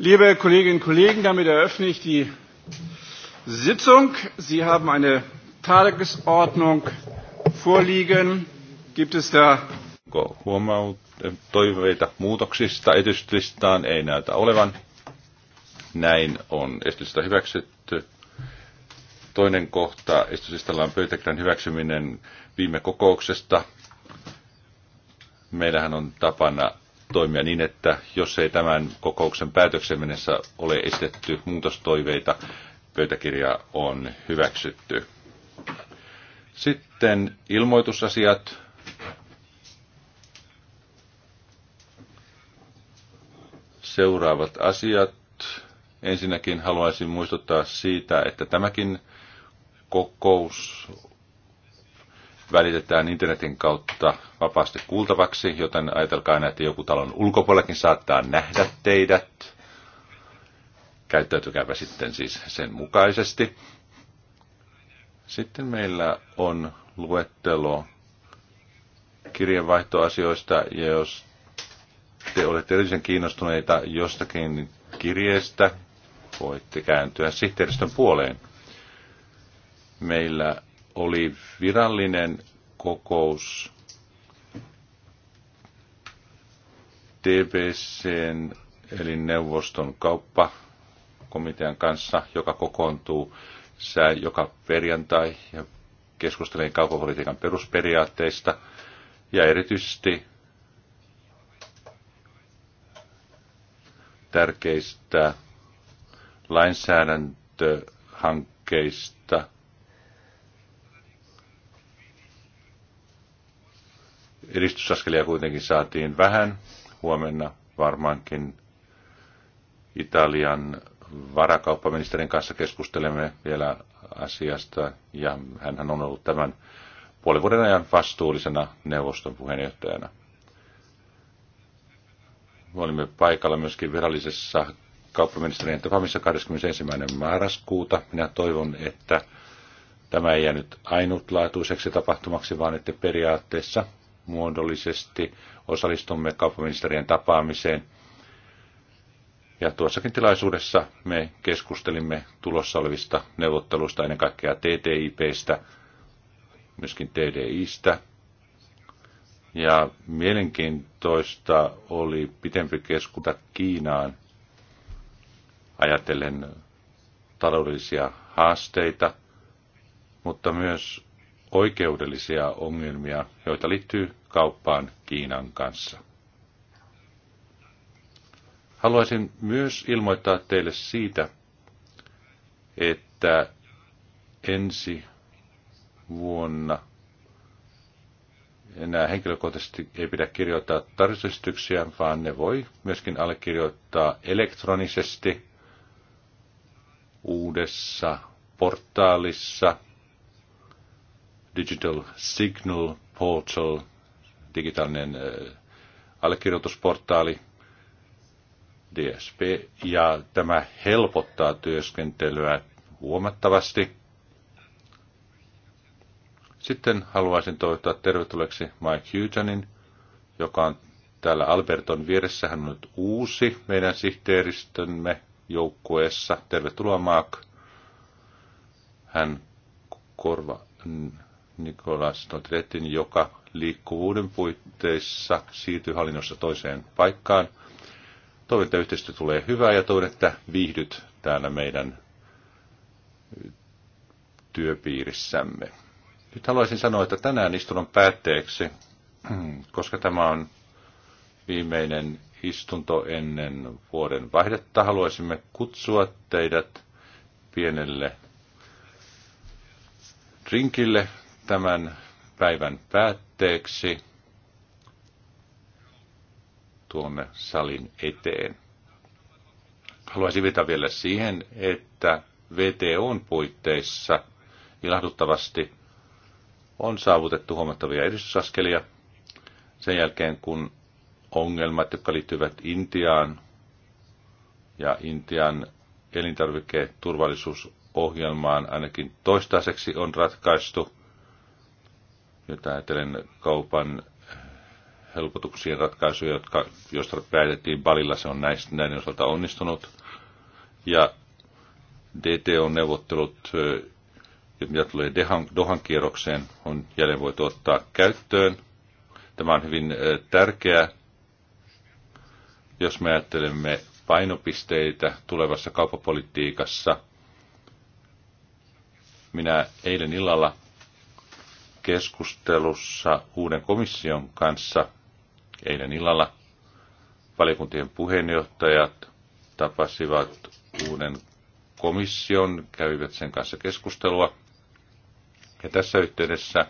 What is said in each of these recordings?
Liebe Kolleginnen und Kollegen, damit eröffne ich die Sitzung. Sie haben eine Tagesordnung vorliegen. Gibt es da toiveita muutoksista esityslistaan? Ei näytä olevan. Näin on esitystä hyväksytty. Toinen kohta esityslistalla on pöytäkirjan hyväksyminen viime kokouksesta. Meillähän on tapana toimia niin, että jos ei tämän kokouksen päätöksen mennessä ole esitetty muutostoiveita, pöytäkirja on hyväksytty. Sitten ilmoitusasiat. Seuraavat asiat. Ensinnäkin haluaisin muistuttaa siitä, että tämäkin kokous välitetään internetin kautta vapaasti kuultavaksi, joten ajatelkaa aina, että joku talon ulkopuolellakin saattaa nähdä teidät. Käyttäytykääpä sitten siis sen mukaisesti. Sitten meillä on luettelo kirjeenvaihtoasioista, ja jos te olette erityisen kiinnostuneita jostakin kirjeestä, voitte kääntyä sihteeristön puoleen. Meillä oli virallinen kokous TBC, eli neuvoston kauppakomitean kanssa, joka kokoontuu sää joka perjantai ja keskustelee kauppapolitiikan perusperiaatteista ja erityisesti tärkeistä lainsäädäntöhankkeista – Edistysaskelia kuitenkin saatiin vähän. Huomenna varmaankin Italian varakauppaministerin kanssa keskustelemme vielä asiasta, ja hän on ollut tämän puolen vuoden ajan vastuullisena neuvoston puheenjohtajana. Me olimme paikalla myöskin virallisessa kauppaministerin tapaamisessa 21. marraskuuta. Minä toivon, että tämä ei jäänyt ainutlaatuiseksi tapahtumaksi, vaan että periaatteessa muodollisesti, osallistumme kauppaministerien tapaamiseen. Ja tuossakin tilaisuudessa me keskustelimme tulossa olevista neuvotteluista, ennen kaikkea TTIPstä, myöskin TDIstä. Ja mielenkiintoista oli pitempi keskuta Kiinaan ajatellen taloudellisia haasteita, mutta myös oikeudellisia ongelmia, joita liittyy kauppaan Kiinan kanssa. Haluaisin myös ilmoittaa teille siitä, että ensi vuonna enää henkilökohtaisesti ei pidä kirjoittaa tarjousesityksiä, vaan ne voi myöskin allekirjoittaa elektronisesti uudessa portaalissa – Digital Signal Portal, digitaalinen äh, allekirjoitusportaali, DSP, ja tämä helpottaa työskentelyä huomattavasti. Sitten haluaisin toivottaa tervetulleeksi Mike Hughanin, joka on täällä Alberton vieressä. Hän on nyt uusi meidän sihteeristömme joukkueessa. Tervetuloa Mark. Hän korva, Nikolas Notretin, joka liikkuvuuden puitteissa siirtyy hallinnossa toiseen paikkaan. Toivon, että yhteistyö tulee hyvää ja toivon, että viihdyt täällä meidän työpiirissämme. Nyt haluaisin sanoa, että tänään istunnon päätteeksi, koska tämä on viimeinen istunto ennen vuoden vaihdetta, haluaisimme kutsua teidät pienelle drinkille tämän päivän päätteeksi tuonne salin eteen. Haluaisin viitata vielä siihen, että VTOn puitteissa ilahduttavasti on saavutettu huomattavia edistysaskelia sen jälkeen, kun ongelmat, jotka liittyvät Intiaan ja Intian elintarviketurvallisuusohjelmaan ainakin toistaiseksi on ratkaistu. Nyt ajattelen kaupan helpotuksien ratkaisuja, jotka, joista päätettiin Balilla, se on näistä, näiden osalta onnistunut. Ja DTO-neuvottelut, mitä tulee Dohan kierrokseen, on jälleen voitu ottaa käyttöön. Tämä on hyvin tärkeää, jos me ajattelemme painopisteitä tulevassa kauppapolitiikassa. Minä eilen illalla keskustelussa uuden komission kanssa eilen illalla. Valiokuntien puheenjohtajat tapasivat uuden komission, kävivät sen kanssa keskustelua. Ja tässä yhteydessä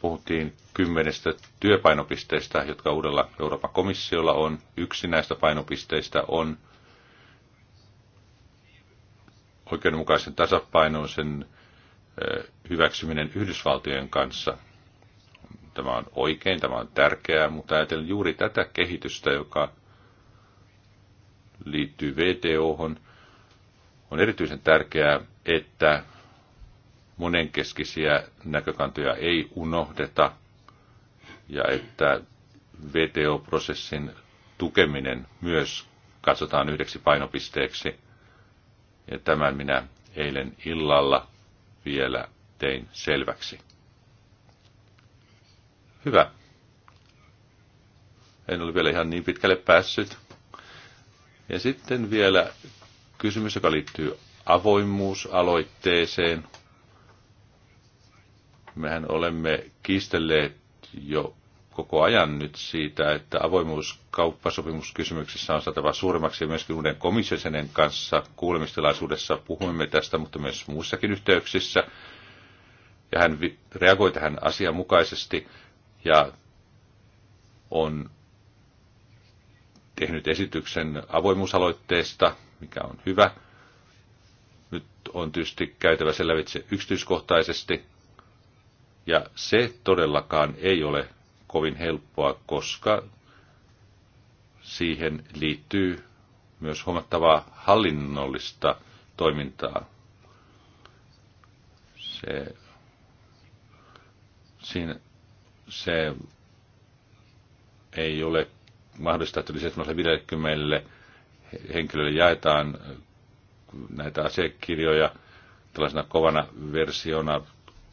puhuttiin kymmenestä työpainopisteistä, jotka uudella Euroopan komissiolla on. Yksi näistä painopisteistä on oikeudenmukaisen tasapainoisen hyväksyminen Yhdysvaltojen kanssa. Tämä on oikein, tämä on tärkeää, mutta ajatellen juuri tätä kehitystä, joka liittyy VTOhon, on erityisen tärkeää, että monenkeskisiä näkökantoja ei unohdeta ja että VTO-prosessin tukeminen myös katsotaan yhdeksi painopisteeksi. Ja tämän minä eilen illalla vielä tein selväksi. Hyvä. En ole vielä ihan niin pitkälle päässyt. Ja sitten vielä kysymys, joka liittyy avoimuusaloitteeseen. Mehän olemme kiistelleet jo koko ajan nyt siitä, että avoimuus kauppasopimuskysymyksissä on saatava suuremmaksi ja myöskin uuden komissiosenen kanssa kuulemistilaisuudessa puhumme tästä, mutta myös muissakin yhteyksissä. Ja hän reagoi tähän asianmukaisesti ja on tehnyt esityksen avoimuusaloitteesta, mikä on hyvä. Nyt on tietysti käytävä selvitse yksityiskohtaisesti, ja se todellakaan ei ole kovin helppoa, koska siihen liittyy myös huomattavaa hallinnollista toimintaa. Se, siinä, se ei ole mahdollista, että yli 750 henkilölle jaetaan näitä asiakirjoja tällaisena kovana versiona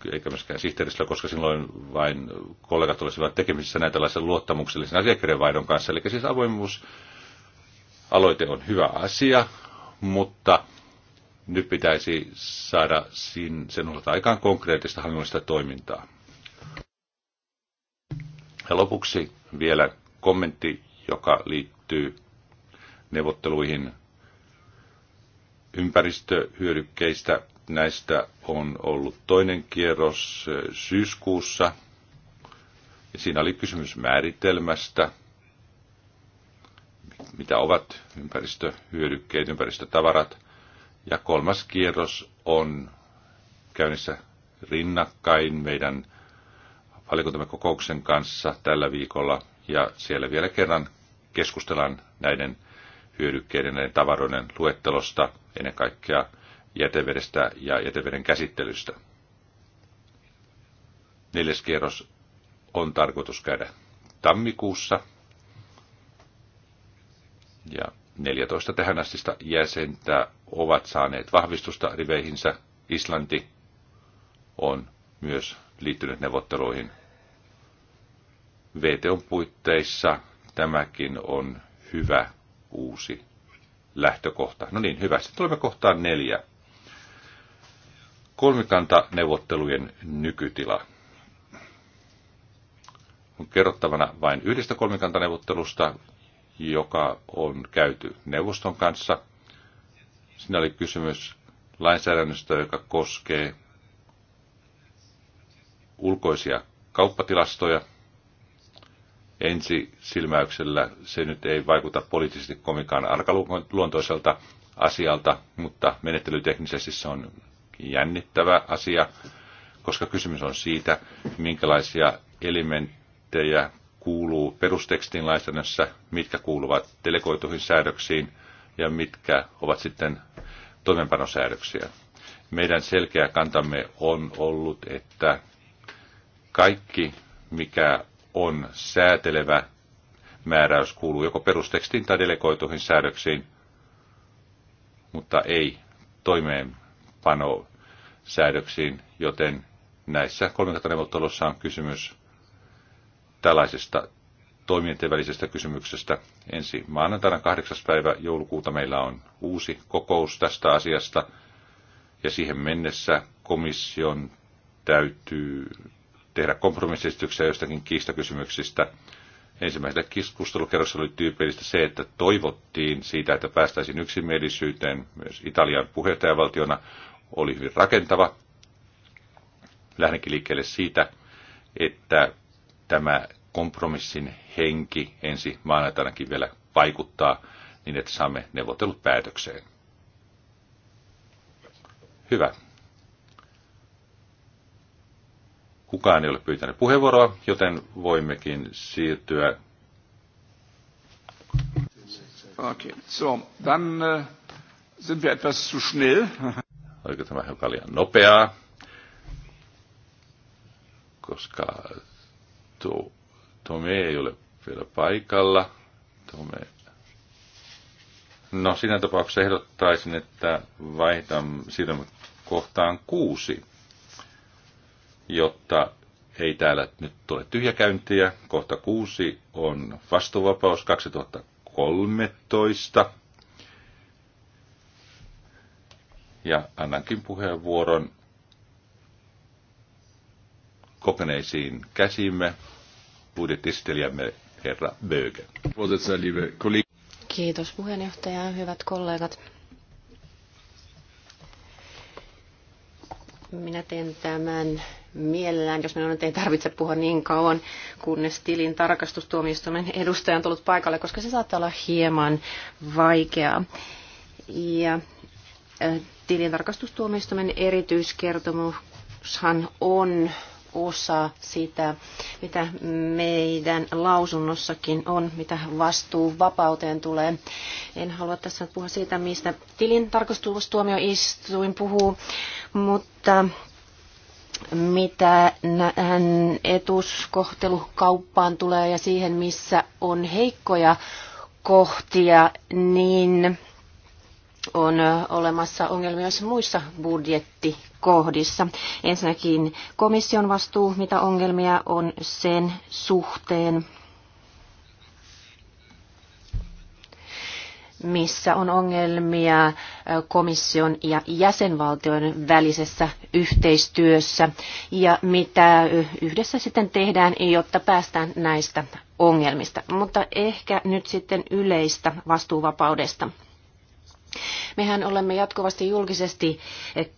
eikä myöskään sihteeristöllä, koska silloin vain kollegat olisivat tekemisissä näitä tällaisen luottamuksellisen asiakirjanvaihdon kanssa. Eli siis avoimuus aloite on hyvä asia, mutta nyt pitäisi saada sen osalta aikaan konkreettista hallinnollista toimintaa. Ja lopuksi vielä kommentti, joka liittyy neuvotteluihin ympäristöhyödykkeistä Näistä on ollut toinen kierros syyskuussa. Ja siinä oli kysymys määritelmästä, mitä ovat ympäristöhyödykkeet, ympäristötavarat. Ja kolmas kierros on käynnissä rinnakkain meidän valiokuntamme kokouksen kanssa tällä viikolla. Ja siellä vielä kerran keskustellaan näiden hyödykkeiden ja tavaroiden luettelosta, ennen kaikkea jätevedestä ja jäteveden käsittelystä. Neljäs kierros on tarkoitus käydä tammikuussa. Ja 14 tähän astista jäsentä ovat saaneet vahvistusta riveihinsä. Islanti on myös liittynyt neuvotteluihin. VTOn puitteissa tämäkin on hyvä uusi lähtökohta. No niin, hyvä. Sitten tulemme kohtaan neljä kolmikantaneuvottelujen nykytila. On kerrottavana vain yhdestä kolmikantaneuvottelusta, joka on käyty neuvoston kanssa. Siinä oli kysymys lainsäädännöstä, joka koskee ulkoisia kauppatilastoja. Ensi silmäyksellä se nyt ei vaikuta poliittisesti komikaan arkaluontoiselta asialta, mutta menettelyteknisesti se on jännittävä asia, koska kysymys on siitä, minkälaisia elementtejä kuuluu perustekstin lainsäädännössä, mitkä kuuluvat delegoituihin säädöksiin ja mitkä ovat sitten toimenpanosäädöksiä. Meidän selkeä kantamme on ollut, että kaikki, mikä on säätelevä määräys, kuuluu joko perustekstiin tai delegoituihin säädöksiin, mutta ei toimeenpanoon säädöksiin, joten näissä kolmikantaneuvotteluissa on kysymys tällaisesta toimijoiden välisestä kysymyksestä. Ensi maanantaina 8. päivä joulukuuta meillä on uusi kokous tästä asiasta, ja siihen mennessä komission täytyy tehdä kompromissistyksiä jostakin kiistakysymyksistä. Ensimmäisellä keskustelukerrossa oli tyypillistä se, että toivottiin siitä, että päästäisiin yksimielisyyteen myös Italian puheenjohtajavaltiona, oli hyvin rakentava. Lähdenkin liikkeelle siitä, että tämä kompromissin henki ensi maanantainakin vielä vaikuttaa niin, että saamme neuvotellut päätökseen. Hyvä. Kukaan ei ole pyytänyt puheenvuoroa, joten voimmekin siirtyä. Okay, so, dann äh, sind wir etwas zu schnell. Oliko tämä hiukan liian nopeaa? Koska tuo, Tome ei ole vielä paikalla. Tome. No siinä tapauksessa ehdottaisin, että vaihdan, siirrymme kohtaan kuusi, jotta ei täällä nyt tule tyhjäkäyntiä. Kohta kuusi on vastuuvapaus 2013. ja annankin puheenvuoron kokeneisiin käsimme budjettistelijämme herra Böge. Kiitos puheenjohtaja ja hyvät kollegat. Minä teen tämän mielellään, jos minun ei tarvitse puhua niin kauan, kunnes tilin tarkastustuomioistuimen edustaja on tullut paikalle, koska se saattaa olla hieman vaikeaa. Ja tilintarkastustuomioistuimen erityiskertomushan on osa sitä, mitä meidän lausunnossakin on, mitä vastuu vapauteen tulee. En halua tässä puhua siitä, mistä tilintarkastustuomioistuin puhuu, mutta mitä tähän etuskohtelukauppaan tulee ja siihen, missä on heikkoja kohtia, niin on olemassa ongelmia myös muissa budjettikohdissa. Ensinnäkin komission vastuu, mitä ongelmia on sen suhteen, missä on ongelmia komission ja jäsenvaltioiden välisessä yhteistyössä ja mitä yhdessä sitten tehdään, jotta päästään näistä ongelmista. Mutta ehkä nyt sitten yleistä vastuuvapaudesta. Mehän olemme jatkuvasti julkisesti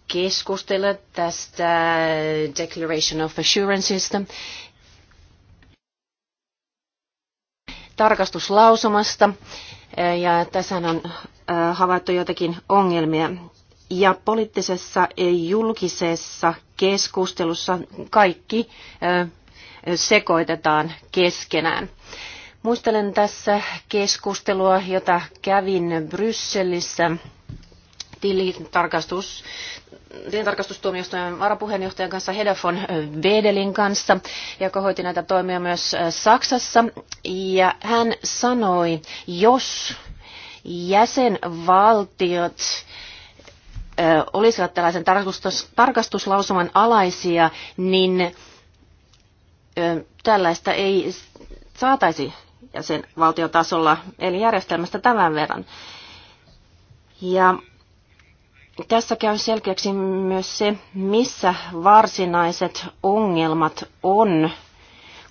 keskustelleet tästä Declaration of Assuranceista, tarkastuslausumasta, ja tässä on äh, havaittu jotakin ongelmia. Ja poliittisessa äh, julkisessa keskustelussa kaikki äh, sekoitetaan keskenään. Muistelen tässä keskustelua, jota kävin Brysselissä tilintarkastus, tilintarkastustuomioistuimen varapuheenjohtajan kanssa Hedafon Vedelin kanssa, joka hoiti näitä toimia myös äh, Saksassa. Ja hän sanoi, jos jäsenvaltiot äh, olisivat tällaisen tarkastus, tarkastuslausuman alaisia, niin äh, tällaista ei saataisi ja sen eli järjestelmästä tämän verran. Ja tässä käy selkeäksi myös se, missä varsinaiset ongelmat on,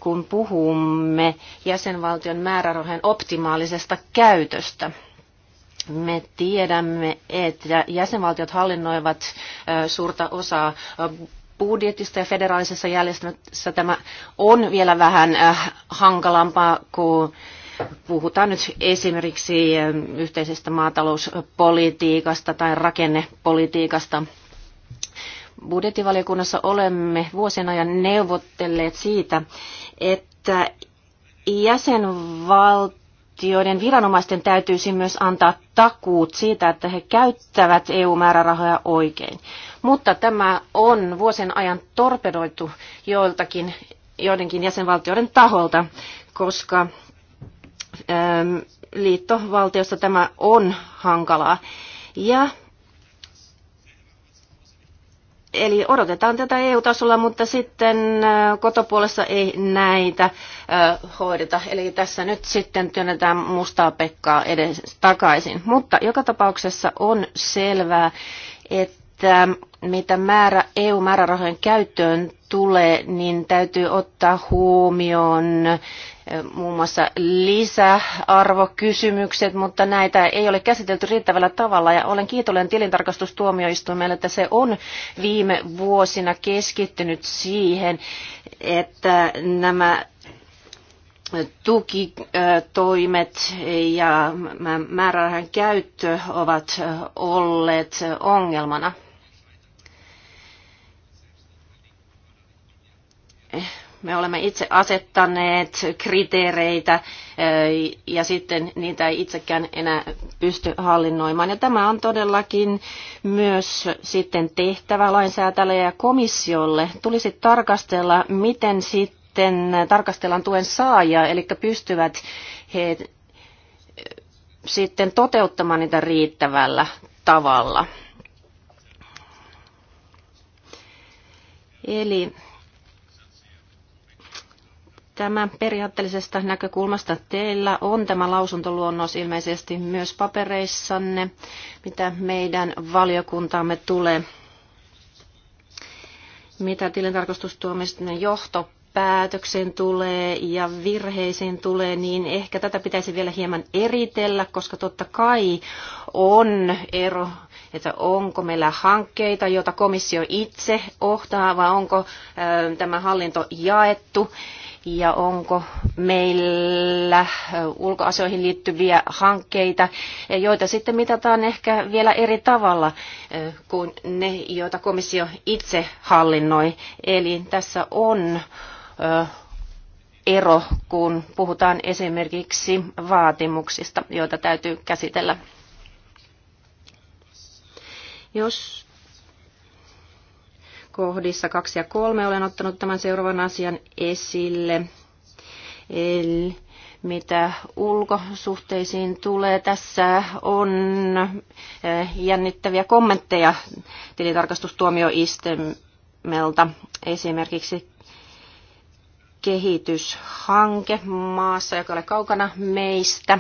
kun puhumme jäsenvaltion määrärahojen optimaalisesta käytöstä. Me tiedämme, että jäsenvaltiot hallinnoivat suurta osaa budjetista ja federaalisessa järjestelmässä tämä on vielä vähän äh, hankalampaa, kun puhutaan nyt esimerkiksi äh, yhteisestä maatalouspolitiikasta tai rakennepolitiikasta. Budjettivaliokunnassa olemme vuosien ajan neuvotteleet siitä, että jäsenvaltioiden viranomaisten täytyisi myös antaa takuut siitä, että he käyttävät EU-määrärahoja oikein mutta tämä on vuosien ajan torpedoitu joiltakin, joidenkin jäsenvaltioiden taholta, koska ähm, liittovaltiossa tämä on hankalaa. Ja Eli odotetaan tätä EU-tasolla, mutta sitten äh, kotopuolessa ei näitä äh, hoideta. Eli tässä nyt sitten työnnetään mustaa Pekkaa edes takaisin. Mutta joka tapauksessa on selvää, että että mitä määrä EU-määrärahojen käyttöön tulee, niin täytyy ottaa huomioon eh, muun muassa lisäarvokysymykset, mutta näitä ei ole käsitelty riittävällä tavalla. Ja olen kiitollinen tilintarkastustuomioistuimelle, että se on viime vuosina keskittynyt siihen, että nämä tukitoimet ja määrärahan käyttö ovat olleet ongelmana. me olemme itse asettaneet kriteereitä ja sitten niitä ei itsekään enää pysty hallinnoimaan. Ja tämä on todellakin myös sitten tehtävä lainsäätäjälle ja komissiolle. Tulisi tarkastella, miten sitten tarkastellaan tuen saajia, eli pystyvät he sitten toteuttamaan niitä riittävällä tavalla. Eli Tämän periaatteellisesta näkökulmasta teillä on tämä lausuntoluonnos ilmeisesti myös papereissanne, mitä meidän valiokuntaamme tulee. Mitä tilintarkastustuomioistuimen johto päätöksen tulee ja virheisiin tulee, niin ehkä tätä pitäisi vielä hieman eritellä, koska totta kai on ero, että onko meillä hankkeita, joita komissio itse ohtaa, vai onko ö, tämä hallinto jaettu. Ö, ja onko meillä äh, ulkoasioihin liittyviä hankkeita, äh, joita sitten mitataan ehkä vielä eri tavalla äh, kuin ne, joita komissio itse hallinnoi. Eli tässä on ero, kun puhutaan esimerkiksi vaatimuksista, joita täytyy käsitellä. Jos kohdissa 2 ja 3 olen ottanut tämän seuraavan asian esille. Eli mitä ulkosuhteisiin tulee. Tässä on eh, jännittäviä kommentteja tilitarkastustuomioistemelta. Esimerkiksi kehityshanke maassa, joka ole kaukana meistä.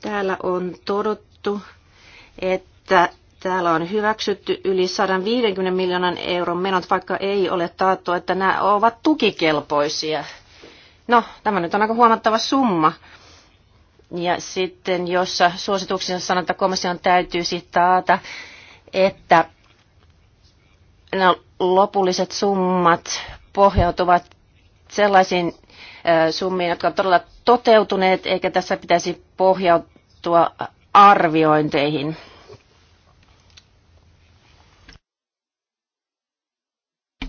Täällä on todottu, että Täällä on hyväksytty yli 150 miljoonan euron menot, vaikka ei ole taattu, että nämä ovat tukikelpoisia. No, tämä nyt on aika huomattava summa. Ja sitten, jossa suosituksissa sanotaan, että komission täytyisi taata, että nämä lopulliset summat pohjautuvat sellaisiin summiin, jotka ovat todella toteutuneet, eikä tässä pitäisi pohjautua arviointeihin.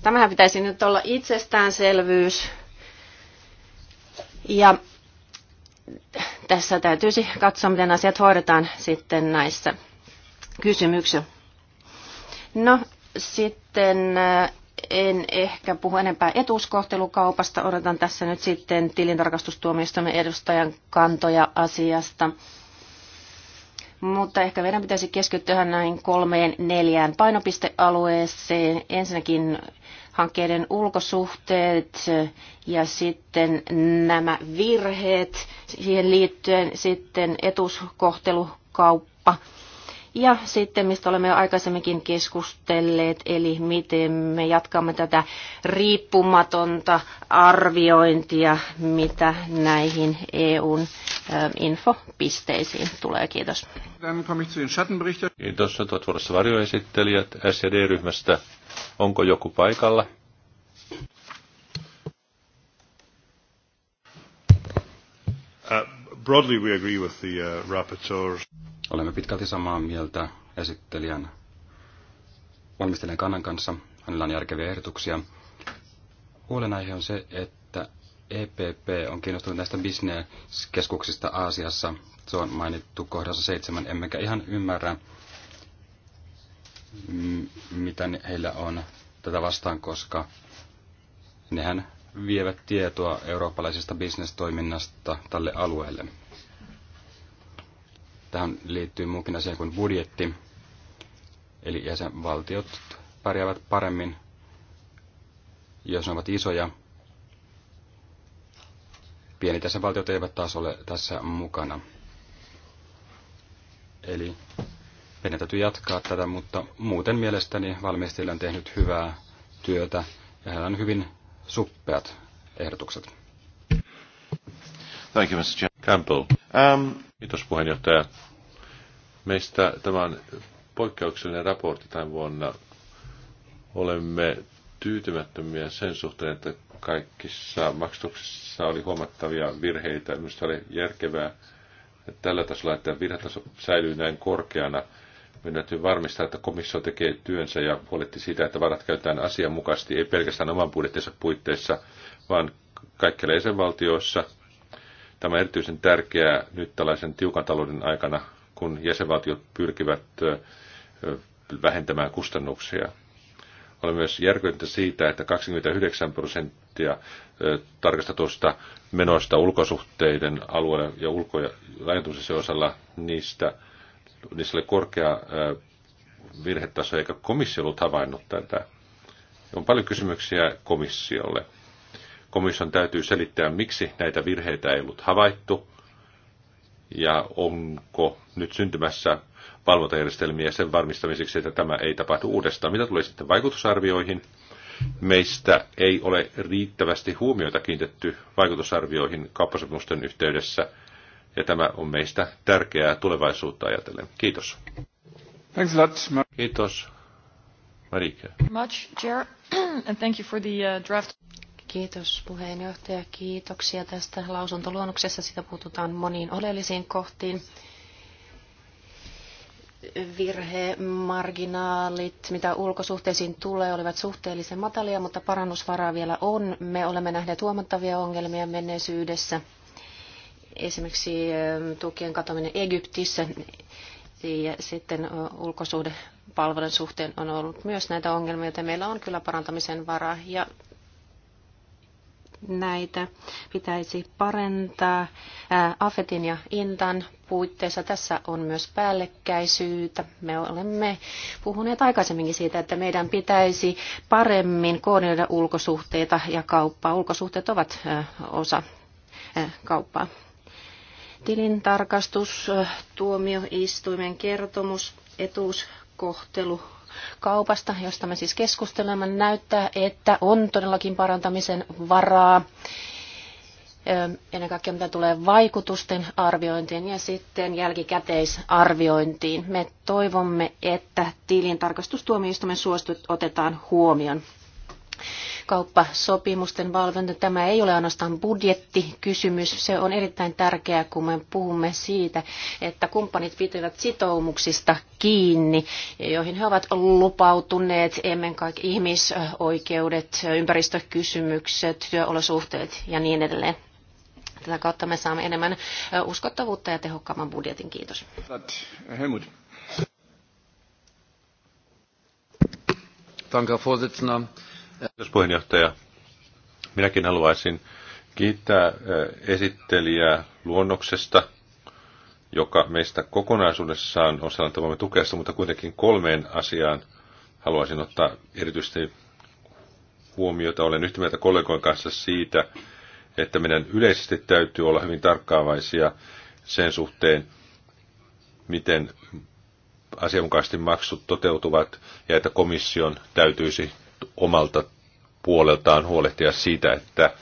Tämähän pitäisi nyt olla itsestäänselvyys. Ja tässä täytyisi katsoa, miten asiat hoidetaan sitten näissä kysymyksissä. No sitten äh, en ehkä puhu enempää etuuskohtelukaupasta. Odotan tässä nyt sitten tilintarkastustuomioistuimen edustajan kantoja asiasta mutta ehkä meidän pitäisi keskittyä näihin kolmeen neljään painopistealueeseen. Ensinnäkin hankkeiden ulkosuhteet ja sitten nämä virheet siihen liittyen, sitten etuskohtelukauppa ja sitten, mistä olemme jo aikaisemminkin keskustelleet, eli miten me jatkamme tätä riippumatonta arviointia, mitä näihin EUn infopisteisiin tulee. Kiitos. Kiitos. Tuot vuorossa varjoesittelijät SED-ryhmästä. Onko joku paikalla? Uh, broadly we agree with the uh, rapporteurs. Olemme pitkälti samaa mieltä esittelijän valmistelijan kannan kanssa. Hänellä on järkeviä ehdotuksia. Huolenaihe on se, että EPP on kiinnostunut näistä bisneskeskuksista Aasiassa. Se on mainittu kohdassa seitsemän. Emmekä ihan ymmärrä, mitä heillä on tätä vastaan, koska nehän vievät tietoa eurooppalaisesta bisnestoiminnasta tälle alueelle. Tähän liittyy muukin asia kuin budjetti. Eli jäsenvaltiot pärjäävät paremmin, jos ne ovat isoja. Pienet jäsenvaltiot eivät taas ole tässä mukana. Eli meidän täytyy jatkaa tätä, mutta muuten mielestäni valmistajilla on tehnyt hyvää työtä ja heillä on hyvin suppeat ehdotukset. Thank you, Mr. Campbell. Um, Kiitos puheenjohtaja. Meistä tämän poikkeuksellinen raportti tämän vuonna. Olemme tyytymättömiä sen suhteen, että kaikissa maksatuksissa oli huomattavia virheitä. Minusta oli järkevää että tällä tasolla, että virhetaso säilyy näin korkeana. Meidän täytyy varmistaa, että komissio tekee työnsä ja huolehtii siitä, että varat käytetään asianmukaisesti, ei pelkästään oman budjettinsa puitteissa, vaan kaikkialla jäsenvaltioissa – Tämä on erityisen tärkeää nyt tällaisen tiukan talouden aikana, kun jäsenvaltiot pyrkivät vähentämään kustannuksia. Olen myös järkyttynyt siitä, että 29 prosenttia tarkastetusta menoista ulkosuhteiden alueella ja ulko- ja osalla niistä, niissä oli korkea virhetaso, eikä komissio ollut havainnut tätä. On paljon kysymyksiä komissiolle. Komission täytyy selittää, miksi näitä virheitä ei ollut havaittu ja onko nyt syntymässä valvontajärjestelmiä sen varmistamiseksi, että tämä ei tapahdu uudestaan. Mitä tulee sitten vaikutusarvioihin? Meistä ei ole riittävästi huomiota kiinnitetty vaikutusarvioihin kauppasopimusten yhteydessä, ja tämä on meistä tärkeää tulevaisuutta ajatellen. Kiitos. Thanks a lot. Kiitos. Marike. Much, Chair, and thank you for the uh, draft. Kiitos puheenjohtaja. Kiitoksia tästä lausuntoluonnoksessa. Sitä puututaan moniin oleellisiin kohtiin. Virhemarginaalit, mitä ulkosuhteisiin tulee, olivat suhteellisen matalia, mutta parannusvaraa vielä on. Me olemme nähneet huomattavia ongelmia menneisyydessä. Esimerkiksi ähm, tukien katominen Egyptissä ja sitten ulkosuhdepalvelun suhteen on ollut myös näitä ongelmia, joten meillä on kyllä parantamisen varaa. Ja näitä pitäisi parentaa AFETin ja INTAN puitteissa. Tässä on myös päällekkäisyyttä. Me olemme puhuneet aikaisemminkin siitä, että meidän pitäisi paremmin koordinoida ulkosuhteita ja kauppaa. Ulkosuhteet ovat osa kauppaa. Tilintarkastus, tuomioistuimen kertomus, etuuskohtelu, kaupasta, josta me siis keskustelemme, näyttää, että on todellakin parantamisen varaa ennen kaikkea mitä tulee vaikutusten arviointiin ja sitten jälkikäteisarviointiin. Me toivomme, että tilintarkastustuomioistuimen suostut otetaan huomioon kauppasopimusten valvonta. Tämä ei ole ainoastaan budjettikysymys. Se on erittäin tärkeää, kun me puhumme siitä, että kumppanit pitävät sitoumuksista kiinni, joihin he ovat lupautuneet, ennen kaikkea ihmisoikeudet, ympäristökysymykset, työolosuhteet ja niin edelleen. Tätä kautta me saamme enemmän uskottavuutta ja tehokkaamman budjetin. Kiitos. Helmut. Danke, Herr Vorsitzender. Kiitos puheenjohtaja. Minäkin haluaisin kiittää esittelijää luonnoksesta, joka meistä kokonaisuudessaan on sellainen tukea mutta kuitenkin kolmeen asiaan haluaisin ottaa erityisesti huomiota. Olen yhtä mieltä kollegojen kanssa siitä, että meidän yleisesti täytyy olla hyvin tarkkaavaisia sen suhteen, miten asianmukaisesti maksut toteutuvat ja että komission täytyisi omalta puoleltaan huolehtia siitä, että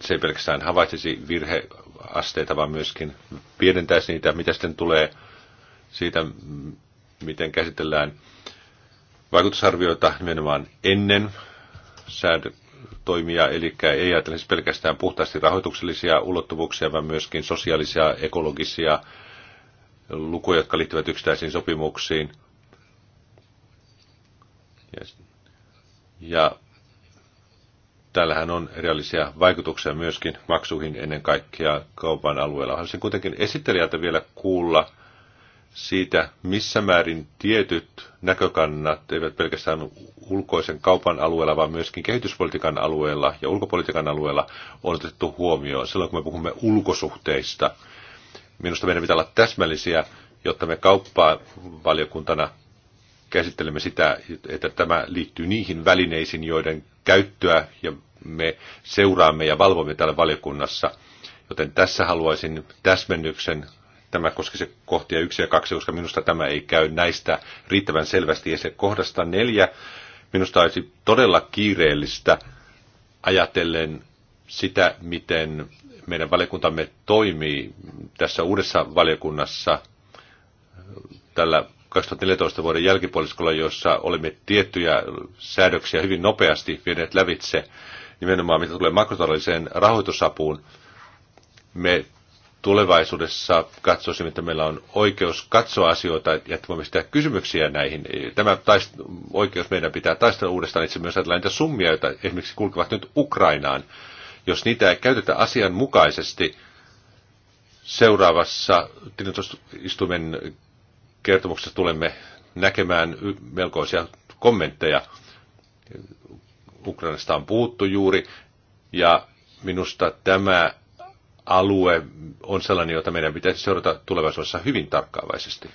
se ei pelkästään havaitsisi virheasteita, vaan myöskin pienentäisi niitä, mitä sitten tulee siitä, miten käsitellään vaikutusarvioita nimenomaan ennen säädötoimia, eli ei ajatella siis pelkästään puhtaasti rahoituksellisia ulottuvuuksia, vaan myöskin sosiaalisia, ekologisia lukuja, jotka liittyvät yksittäisiin sopimuksiin. Ja ja tällähän on erilaisia vaikutuksia myöskin maksuihin ennen kaikkea kaupan alueella. Haluaisin kuitenkin esittelijältä vielä kuulla siitä, missä määrin tietyt näkökannat, eivät pelkästään ulkoisen kaupan alueella, vaan myöskin kehityspolitiikan alueella ja ulkopolitiikan alueella on otettu huomioon silloin, kun me puhumme ulkosuhteista. Minusta meidän pitää olla täsmällisiä, jotta me kauppaa valiokuntana käsittelemme sitä, että tämä liittyy niihin välineisiin, joiden käyttöä ja me seuraamme ja valvomme täällä valiokunnassa. Joten tässä haluaisin täsmennyksen. Tämä koskisi kohtia yksi ja kaksi, koska minusta tämä ei käy näistä riittävän selvästi. Ja se kohdasta neljä minusta olisi todella kiireellistä ajatellen sitä, miten meidän valiokuntamme toimii tässä uudessa valiokunnassa tällä 2014 vuoden jälkipuoliskolla, jossa olemme tiettyjä säädöksiä hyvin nopeasti vieneet lävitse, nimenomaan mitä tulee makrotaloudelliseen rahoitusapuun, me tulevaisuudessa katsoisimme, että meillä on oikeus katsoa asioita ja että voimme sitä kysymyksiä näihin. Tämä taist- oikeus meidän pitää taistella uudestaan itse myös ajatellaan niitä summia, joita esimerkiksi kulkevat nyt Ukrainaan. Jos niitä ei käytetä asianmukaisesti seuraavassa tilintustuimen kertomuksessa tulemme näkemään melkoisia kommentteja. Ukrainasta on puhuttu juuri, ja minusta tämä alue on sellainen, jota meidän pitäisi seurata tulevaisuudessa hyvin tarkkaavaisesti.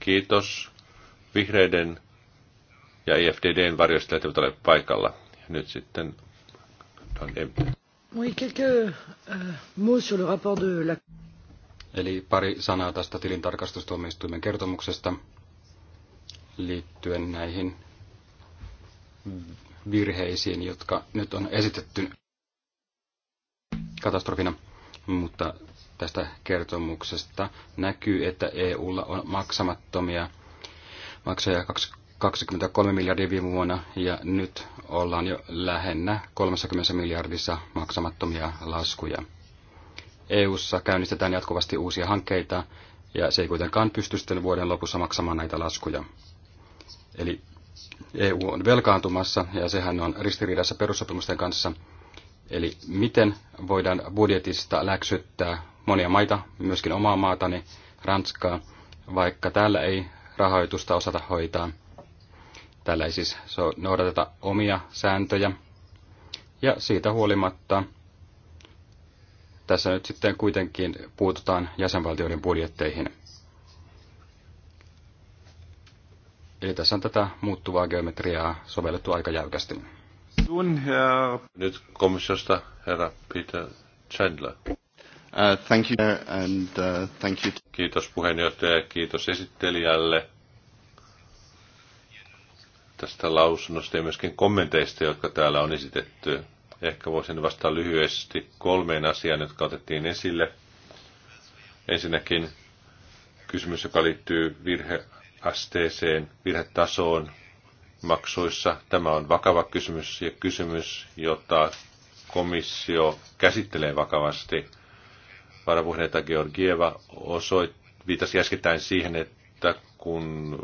Kiitos. Vihreiden ja EFDDn varjostajat eivät ole paikalla. Nyt sitten on Oui, quelques euh, mots sur le rapport de la... Eli pari sanaa tästä tilintarkastustuomioistuimen kertomuksesta liittyen näihin virheisiin, jotka nyt on esitetty katastrofina. Mutta tästä kertomuksesta näkyy, että EUlla on maksamattomia maksuja 23 miljardia viime vuonna ja nyt ollaan jo lähennä 30 miljardissa maksamattomia laskuja. EU-ssa käynnistetään jatkuvasti uusia hankkeita, ja se ei kuitenkaan pysty sitten vuoden lopussa maksamaan näitä laskuja. Eli EU on velkaantumassa, ja sehän on ristiriidassa perussopimusten kanssa. Eli miten voidaan budjetista läksyttää monia maita, myöskin omaa maatani, Ranskaa, vaikka täällä ei rahoitusta osata hoitaa. Täällä ei siis noudateta omia sääntöjä. Ja siitä huolimatta tässä nyt sitten kuitenkin puututaan jäsenvaltioiden budjetteihin. Eli tässä on tätä muuttuvaa geometriaa sovellettu aika jäykästi. Nyt komissiosta herra Peter Chandler. Uh, thank you, uh, and, uh, thank you. Kiitos puheenjohtaja ja kiitos esittelijälle tästä lausunnosta ja myöskin kommenteista, jotka täällä on esitetty. Ehkä voisin vastata lyhyesti kolmeen asiaan, jotka otettiin esille. Ensinnäkin kysymys, joka liittyy virheasteeseen, virhetasoon maksuissa. Tämä on vakava kysymys ja kysymys, jota komissio käsittelee vakavasti. Varapuheenjohtaja Georgieva osoit, viitasi äskettäin siihen, että kun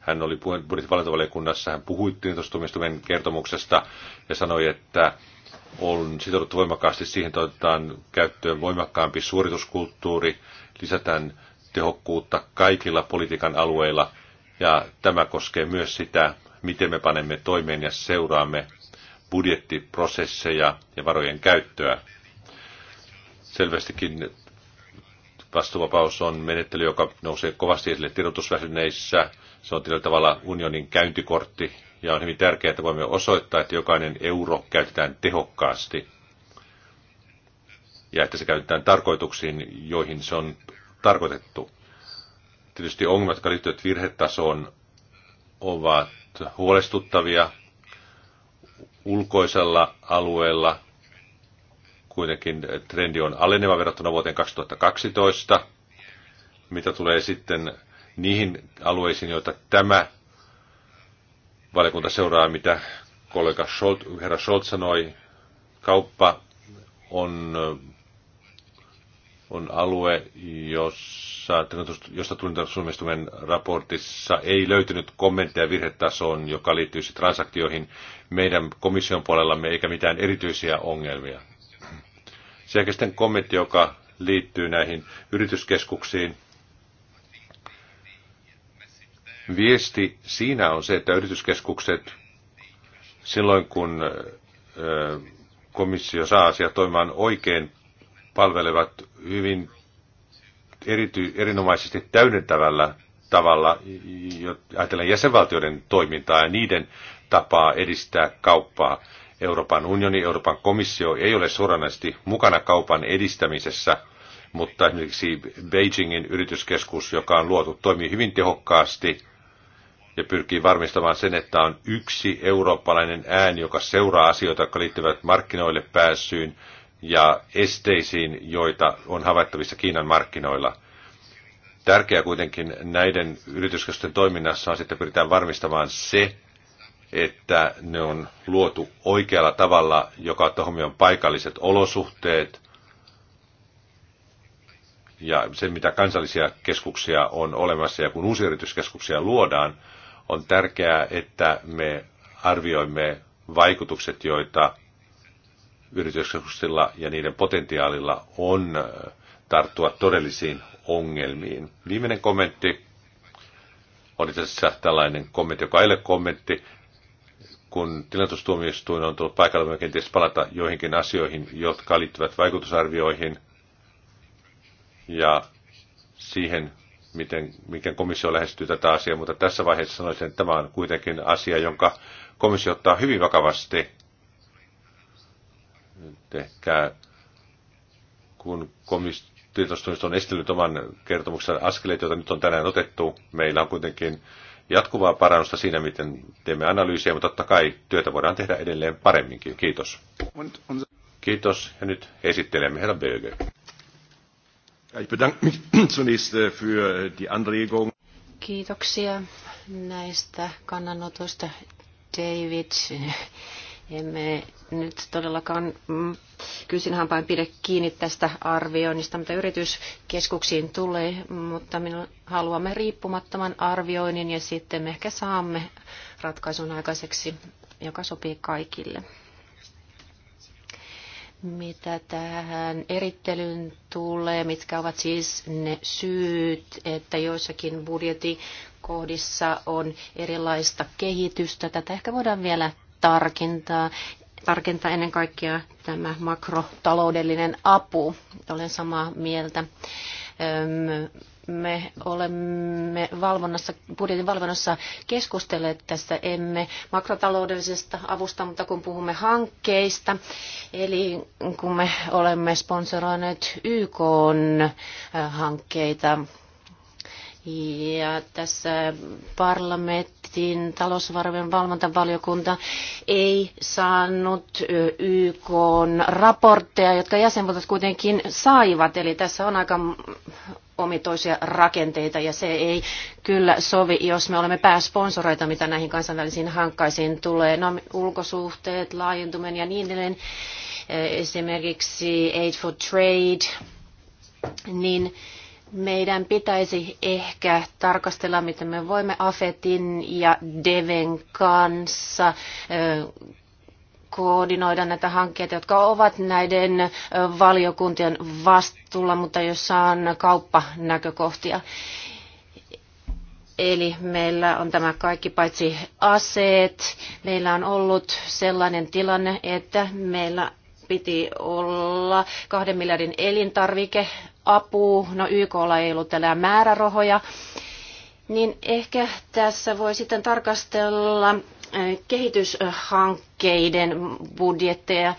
hän oli budjettivalintavaliokunnassa, hän puhui tietostumistumien kertomuksesta ja sanoi, että on sitouduttu voimakkaasti siihen, että otetaan käyttöön voimakkaampi suorituskulttuuri, lisätään tehokkuutta kaikilla politiikan alueilla ja tämä koskee myös sitä, miten me panemme toimeen ja seuraamme budjettiprosesseja ja varojen käyttöä. Selvästikin vastuvapaus on menettely, joka nousee kovasti esille tiedotusvälineissä, se on tällä tavalla unionin käyntikortti ja on hyvin tärkeää, että voimme osoittaa, että jokainen euro käytetään tehokkaasti ja että se käytetään tarkoituksiin, joihin se on tarkoitettu. Tietysti ongelmat, jotka liittyvät virhetasoon, ovat huolestuttavia ulkoisella alueella. Kuitenkin trendi on aleneva verrattuna vuoteen 2012. Mitä tulee sitten niihin alueisiin, joita tämä valiokunta seuraa, mitä kollega Scholt, herra Scholz sanoi. Kauppa on, on alue, jossa, josta tunnintasuunnitelmien raportissa ei löytynyt kommentteja virhetasoon, joka liittyisi transaktioihin meidän komission puolellamme, eikä mitään erityisiä ongelmia. Sen kommentti, joka liittyy näihin yrityskeskuksiin – Viesti siinä on se, että yrityskeskukset silloin kun komissio saa asiat toimimaan oikein, palvelevat hyvin erity, erinomaisesti täydentävällä tavalla, ajatellen jäsenvaltioiden toimintaa ja niiden tapaa edistää kauppaa. Euroopan unioni, Euroopan komissio ei ole suoranaisesti mukana kaupan edistämisessä, mutta esimerkiksi Beijingin yrityskeskus, joka on luotu, toimii hyvin tehokkaasti ja pyrkii varmistamaan sen, että on yksi eurooppalainen ääni, joka seuraa asioita, jotka liittyvät markkinoille pääsyyn ja esteisiin, joita on havaittavissa Kiinan markkinoilla. Tärkeää kuitenkin näiden yrityskeskusten toiminnassa on sitten pyritään varmistamaan se, että ne on luotu oikealla tavalla, joka ottaa huomioon paikalliset olosuhteet ja sen, mitä kansallisia keskuksia on olemassa. Ja kun uusia yrityskeskuksia luodaan, on tärkeää, että me arvioimme vaikutukset, joita yrityskeskuksilla ja niiden potentiaalilla on äh, tarttua todellisiin ongelmiin. Viimeinen kommentti on itse asiassa tällainen kommentti, joka ei ole kommentti. Kun tilantustuomioistuin on tullut paikalle, me kenties palata joihinkin asioihin, jotka liittyvät vaikutusarvioihin ja siihen, miten, miten komissio lähestyy tätä asiaa, mutta tässä vaiheessa sanoisin, että tämä on kuitenkin asia, jonka komissio ottaa hyvin vakavasti. Ehkä kun komissio on estellyt oman kertomuksen askeleet, joita nyt on tänään otettu, meillä on kuitenkin jatkuvaa parannusta siinä, miten teemme analyysiä, mutta totta kai työtä voidaan tehdä edelleen paremminkin. Kiitos. Kiitos, ja nyt esittelemme herra Böge. Ich bedanke mich zunächst äh, für äh, die Anregung. Kiitoksia näistä kannanotoista, David. Emme nyt todellakaan mm, hampain pidä kiinni tästä arvioinnista, mitä yrityskeskuksiin tulee, mutta me haluamme riippumattoman arvioinnin ja sitten me ehkä saamme ratkaisun aikaiseksi, joka sopii kaikille. Mitä tähän erittelyyn tulee, mitkä ovat siis ne syyt, että joissakin budjetikohdissa on erilaista kehitystä. Tätä ehkä voidaan vielä tarkentaa tarkentaa ennen kaikkea tämä makrotaloudellinen apu. Olen samaa mieltä me olemme valvonnassa, budjetin valvonnassa keskustelleet tässä emme makrotaloudellisesta avusta, mutta kun puhumme hankkeista, eli kun me olemme sponsoroineet YK-hankkeita, äh, ja tässä parlamentin talousvarven valvontavaliokunta ei saanut YK raportteja, jotka jäsenvaltiot kuitenkin saivat. Eli tässä on aika omituisia rakenteita ja se ei kyllä sovi, jos me olemme pääsponsoreita, mitä näihin kansainvälisiin hankkeisiin tulee. No, ulkosuhteet, laajentuminen ja niin edelleen, esimerkiksi Aid for Trade, niin meidän pitäisi ehkä tarkastella, miten me voimme Afetin ja Deven kanssa koordinoida näitä hankkeita, jotka ovat näiden valiokuntien vastuulla, mutta jossa on kauppanäkökohtia. Eli meillä on tämä kaikki paitsi aseet. Meillä on ollut sellainen tilanne, että meillä piti olla kahden miljardin elintarvikeapu. No YKlla ei ollut tällä määrärahoja. Niin ehkä tässä voi sitten tarkastella kehityshankkeiden budjetteja,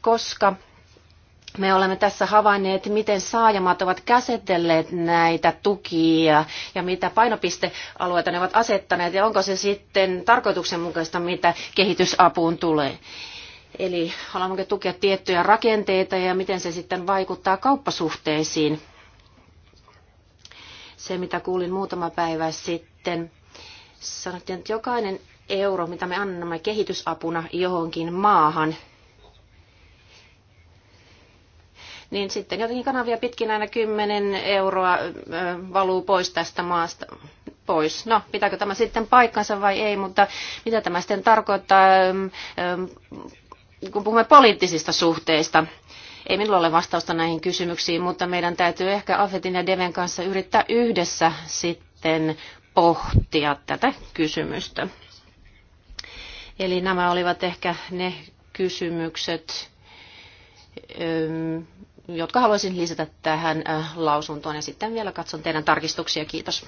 koska me olemme tässä havainneet, miten saajamat ovat käsitelleet näitä tukia ja mitä painopistealueita ne ovat asettaneet ja onko se sitten tarkoituksenmukaista, mitä kehitysapuun tulee. Eli haluammeko tukea tiettyjä rakenteita ja miten se sitten vaikuttaa kauppasuhteisiin. Se, mitä kuulin muutama päivä sitten, sanottiin, että jokainen euro, mitä me annamme kehitysapuna johonkin maahan, niin sitten jotenkin kanavia pitkin aina 10 euroa valuu pois tästä maasta pois. No, pitääkö tämä sitten paikkansa vai ei, mutta mitä tämä sitten tarkoittaa, kun puhumme poliittisista suhteista? Ei minulla ole vastausta näihin kysymyksiin, mutta meidän täytyy ehkä Afetin ja Deven kanssa yrittää yhdessä sitten pohtia tätä kysymystä. Eli nämä olivat ehkä ne kysymykset, jotka haluaisin lisätä tähän äh, lausuntoon. Ja sitten vielä katson teidän tarkistuksia. Kiitos.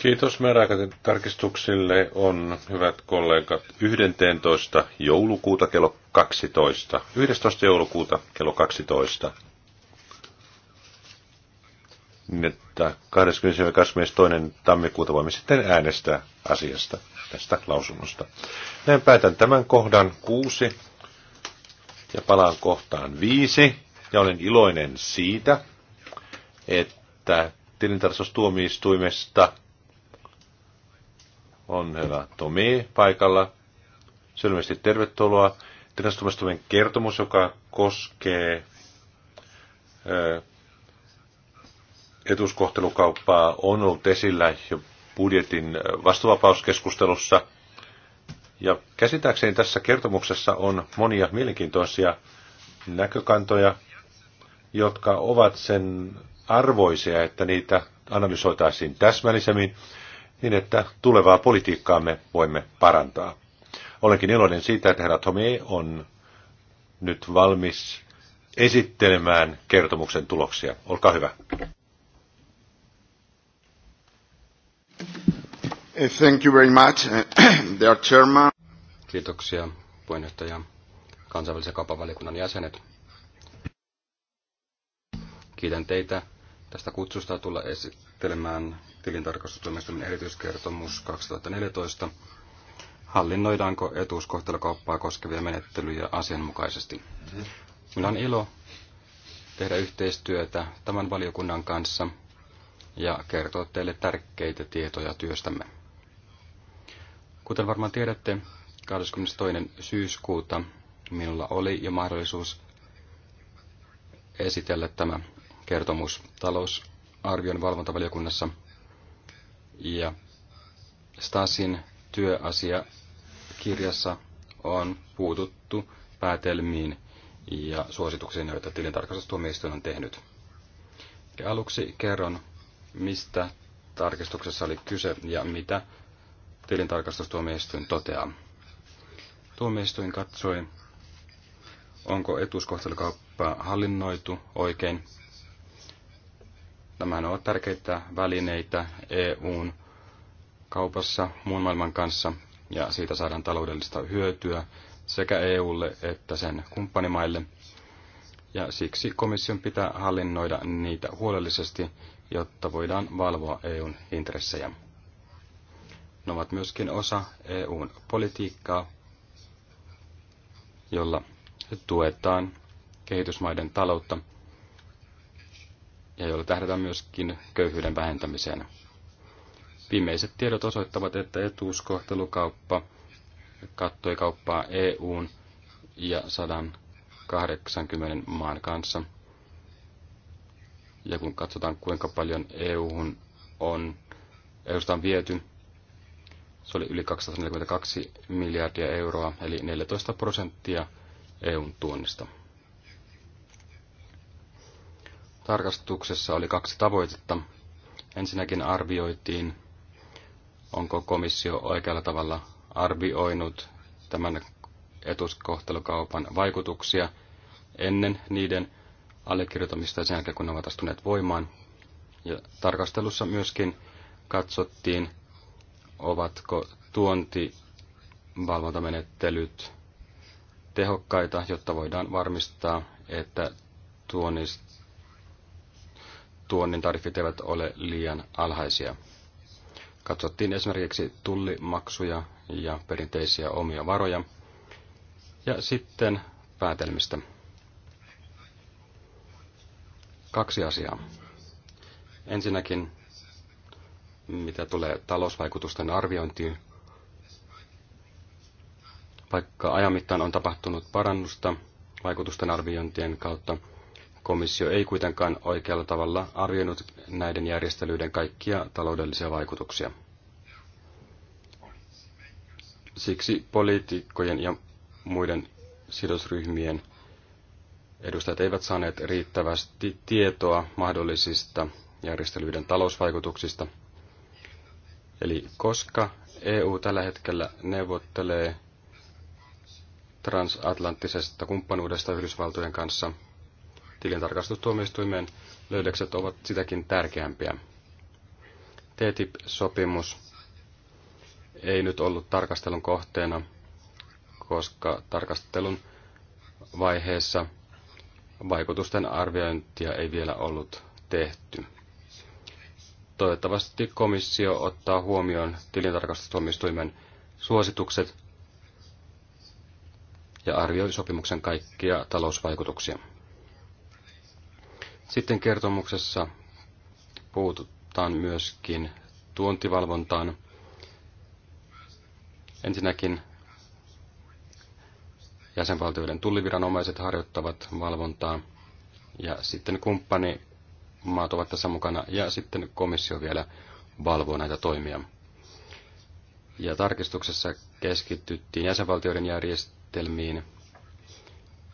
Kiitos määräaikaisen tarkistuksille on, hyvät kollegat, 11. joulukuuta kello 12. 11. joulukuuta kello 12. Niin, että 20. ja 22. tammikuuta voimme sitten äänestää asiasta tästä lausunnosta. Näin päätän tämän kohdan kuusi ja palaan kohtaan viisi. Ja olen iloinen siitä, että tilintarkastustuomioistuimesta on hyvä Tomi paikalla. Selvästi tervetuloa. Tilintarkastustuomioistuimen kertomus, joka koskee etuskohtelukauppaa on ollut esillä jo budjetin vastuvapauskeskustelussa. Ja käsittääkseni tässä kertomuksessa on monia mielenkiintoisia näkökantoja, jotka ovat sen arvoisia, että niitä analysoitaisiin täsmällisemmin niin, että tulevaa politiikkaamme voimme parantaa. Olenkin iloinen siitä, että herra Tomi on nyt valmis esittelemään kertomuksen tuloksia. Olkaa hyvä. Eh, thank you very much, dear chairman. Kiitoksia puheenjohtaja kansainvälisen kaupanvalikunnan jäsenet. Kiitän teitä tästä kutsusta tulla esittelemään tilintarkastustoimiston erityiskertomus 2014. Hallinnoidaanko etuuskohtelukauppaa koskevia menettelyjä asianmukaisesti? Minulla on ilo tehdä yhteistyötä tämän valiokunnan kanssa ja kertoa teille tärkeitä tietoja työstämme. Kuten varmaan tiedätte, 22. syyskuuta minulla oli jo mahdollisuus esitellä tämä kertomus talousarvion valvontavaliokunnassa. Ja Stasin työasiakirjassa on puututtu päätelmiin ja suosituksiin, joita tilintarkastustuomioistuin on tehnyt. Ja aluksi kerron, mistä tarkistuksessa oli kyse ja mitä tilintarkastustuomioistuin toteaa. Tuomioistuin katsoi, onko etuuskohtelukauppaa hallinnoitu oikein. Nämä ovat tärkeitä välineitä EUn kaupassa muun maailman kanssa, ja siitä saadaan taloudellista hyötyä sekä EUlle että sen kumppanimaille. Ja siksi komission pitää hallinnoida niitä huolellisesti, jotta voidaan valvoa EUn intressejä. Ne ovat myöskin osa EUn politiikkaa, jolla tuetaan kehitysmaiden taloutta ja jolla tähdätään myöskin köyhyyden vähentämiseen. Viimeiset tiedot osoittavat, että etuuskohtelukauppa kattoi kauppaa EUn ja 180 maan kanssa. Ja kun katsotaan, kuinka paljon EUhun on, EUsta on viety, se oli yli 242 miljardia euroa, eli 14 prosenttia EUn tuonnista. Tarkastuksessa oli kaksi tavoitetta. Ensinnäkin arvioitiin, onko komissio oikealla tavalla arvioinut tämän etuskohtelukaupan vaikutuksia ennen niiden allekirjoitamista ja sen jälkeen, kun ne ovat astuneet voimaan. Ja tarkastelussa myöskin katsottiin, ovatko tuontivalvontamenettelyt tehokkaita, jotta voidaan varmistaa, että tuonnin tariffit eivät ole liian alhaisia. Katsottiin esimerkiksi tullimaksuja ja perinteisiä omia varoja. Ja sitten päätelmistä. Kaksi asiaa. Ensinnäkin mitä tulee talousvaikutusten arviointiin. Vaikka ajan mittaan on tapahtunut parannusta vaikutusten arviointien kautta, komissio ei kuitenkaan oikealla tavalla arvioinut näiden järjestelyiden kaikkia taloudellisia vaikutuksia. Siksi poliitikkojen ja muiden sidosryhmien edustajat eivät saaneet riittävästi tietoa mahdollisista järjestelyiden talousvaikutuksista – Eli koska EU tällä hetkellä neuvottelee transatlanttisesta kumppanuudesta Yhdysvaltojen kanssa, tilintarkastustuomioistuimen löydökset ovat sitäkin tärkeämpiä. TTIP-sopimus ei nyt ollut tarkastelun kohteena, koska tarkastelun vaiheessa vaikutusten arviointia ei vielä ollut tehty. Toivottavasti komissio ottaa huomioon tilintarkastustuomioistuimen suositukset ja arvioi sopimuksen kaikkia talousvaikutuksia. Sitten kertomuksessa puututaan myöskin tuontivalvontaan. Ensinnäkin jäsenvaltioiden tulliviranomaiset harjoittavat valvontaa ja sitten kumppani maat ovat tässä mukana, ja sitten komissio vielä valvoo näitä toimia. Ja tarkistuksessa keskityttiin jäsenvaltioiden järjestelmiin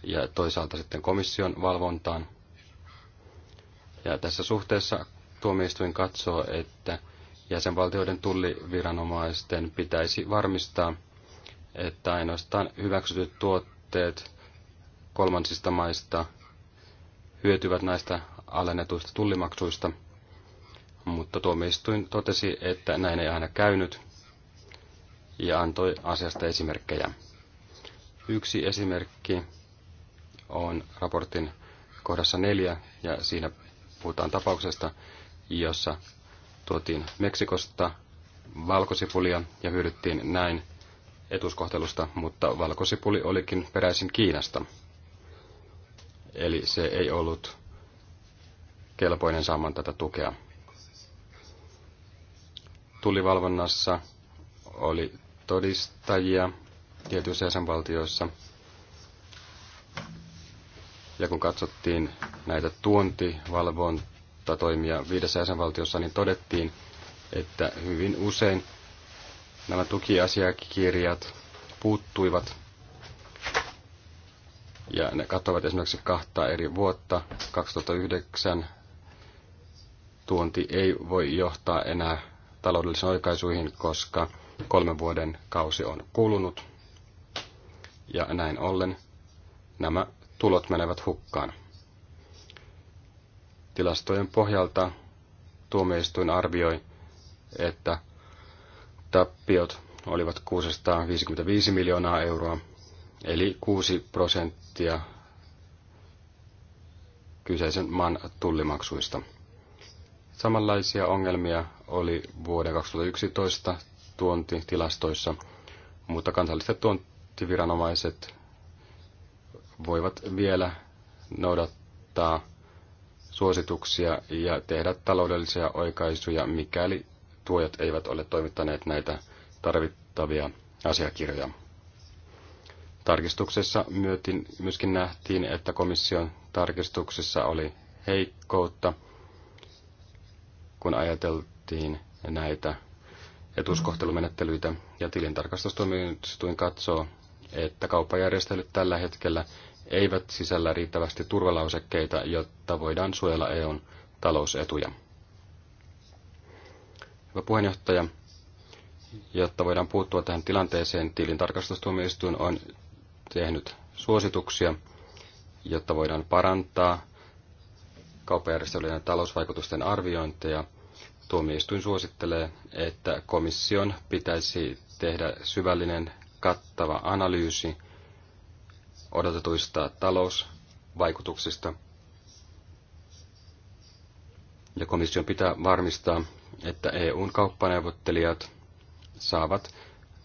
ja toisaalta sitten komission valvontaan. Ja tässä suhteessa tuomioistuin katsoo, että jäsenvaltioiden tulliviranomaisten pitäisi varmistaa, että ainoastaan hyväksytyt tuotteet kolmansista maista hyötyvät näistä alennetuista tullimaksuista, mutta tuomioistuin totesi, että näin ei aina käynyt ja antoi asiasta esimerkkejä. Yksi esimerkki on raportin kohdassa neljä ja siinä puhutaan tapauksesta, jossa tuotiin Meksikosta valkosipulia ja hyödyttiin näin etuskohtelusta, mutta valkosipuli olikin peräisin Kiinasta. Eli se ei ollut kelpoinen saamaan tätä tukea. Tulivalvonnassa oli todistajia tietyissä jäsenvaltioissa. Ja kun katsottiin näitä tuontivalvontatoimia viidessä jäsenvaltiossa, niin todettiin, että hyvin usein nämä tukiasiakirjat puuttuivat ja ne katsoivat esimerkiksi kahta eri vuotta, 2009 tuonti ei voi johtaa enää taloudellisiin oikaisuihin, koska kolmen vuoden kausi on kulunut. Ja näin ollen nämä tulot menevät hukkaan. Tilastojen pohjalta tuomioistuin arvioi, että tappiot olivat 655 miljoonaa euroa, eli 6 prosenttia kyseisen maan tullimaksuista. Samanlaisia ongelmia oli vuoden 2011 tuontitilastoissa, mutta kansalliset tuontiviranomaiset voivat vielä noudattaa suosituksia ja tehdä taloudellisia oikaisuja, mikäli tuojat eivät ole toimittaneet näitä tarvittavia asiakirjoja. Tarkistuksessa myötin, myöskin nähtiin, että komission tarkistuksessa oli heikkoutta – kun ajateltiin näitä etuuskohtelumenettelyitä, ja tilintarkastustuomioistuin katsoo, että kauppajärjestelyt tällä hetkellä eivät sisällä riittävästi turvalausekkeita, jotta voidaan suojella EUn talousetuja. Hyvä puheenjohtaja, jotta voidaan puuttua tähän tilanteeseen, tilintarkastustuomioistuin on tehnyt suosituksia, jotta voidaan parantaa kauppajärjestelyjen talousvaikutusten arviointeja, tuomioistuin suosittelee, että komission pitäisi tehdä syvällinen kattava analyysi odotetuista talousvaikutuksista. Ja komission pitää varmistaa, että EUn kauppaneuvottelijat saavat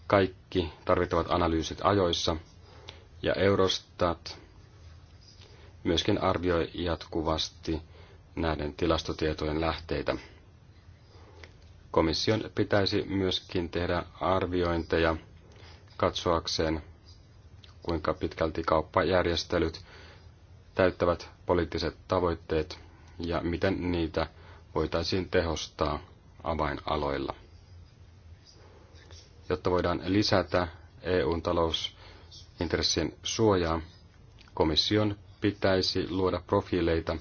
kaikki tarvittavat analyysit ajoissa ja Eurostat myöskin arvioi jatkuvasti näiden tilastotietojen lähteitä. Komission pitäisi myöskin tehdä arviointeja katsoakseen, kuinka pitkälti kauppajärjestelyt täyttävät poliittiset tavoitteet ja miten niitä voitaisiin tehostaa avainaloilla. Jotta voidaan lisätä EUn talousintressien suojaa, komission pitäisi luoda profiileita,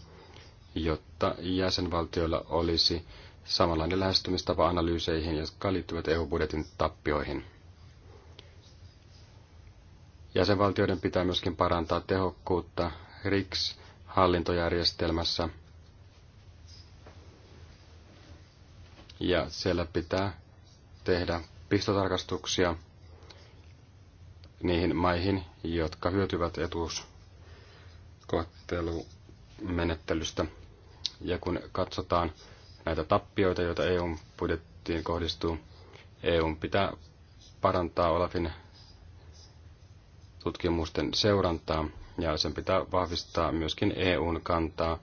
jotta jäsenvaltioilla olisi samanlainen lähestymistapa analyyseihin, jotka liittyvät EU-budjetin tappioihin. Jäsenvaltioiden pitää myöskin parantaa tehokkuutta RIX-hallintojärjestelmässä. Ja siellä pitää tehdä pistotarkastuksia niihin maihin, jotka hyötyvät etuuskohtelumenettelystä. menettelystä ja kun katsotaan näitä tappioita, joita EUn budjettiin kohdistuu, EUn pitää parantaa Olafin tutkimusten seurantaa ja sen pitää vahvistaa myöskin EUn kantaa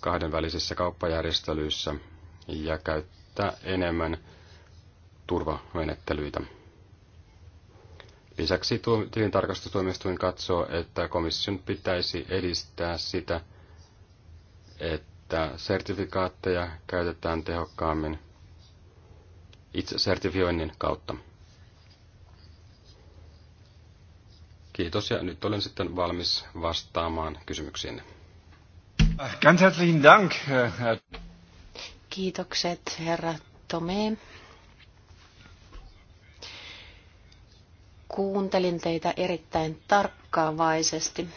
kahdenvälisissä kauppajärjestelyissä ja käyttää enemmän turvamenettelyitä. Lisäksi tilintarkastustoimistuin katsoo, että komission pitäisi edistää sitä, että että sertifikaatteja käytetään tehokkaammin itse sertifioinnin kautta. Kiitos ja nyt olen sitten valmis vastaamaan kysymyksiin. Ganz herzlichen Dank. Kiitokset, herra Tome. Kuuntelin teitä erittäin tarkkaavaisesti.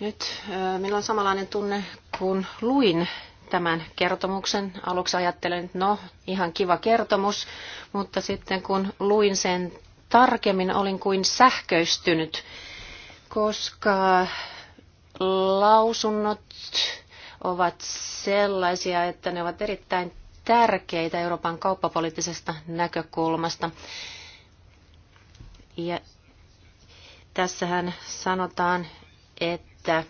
Nyt minulla on samanlainen tunne, kun luin tämän kertomuksen. Aluksi ajattelin, että no, ihan kiva kertomus, mutta sitten kun luin sen tarkemmin, olin kuin sähköistynyt, koska lausunnot ovat sellaisia, että ne ovat erittäin tärkeitä Euroopan kauppapoliittisesta näkökulmasta. Ja tässähän sanotaan, että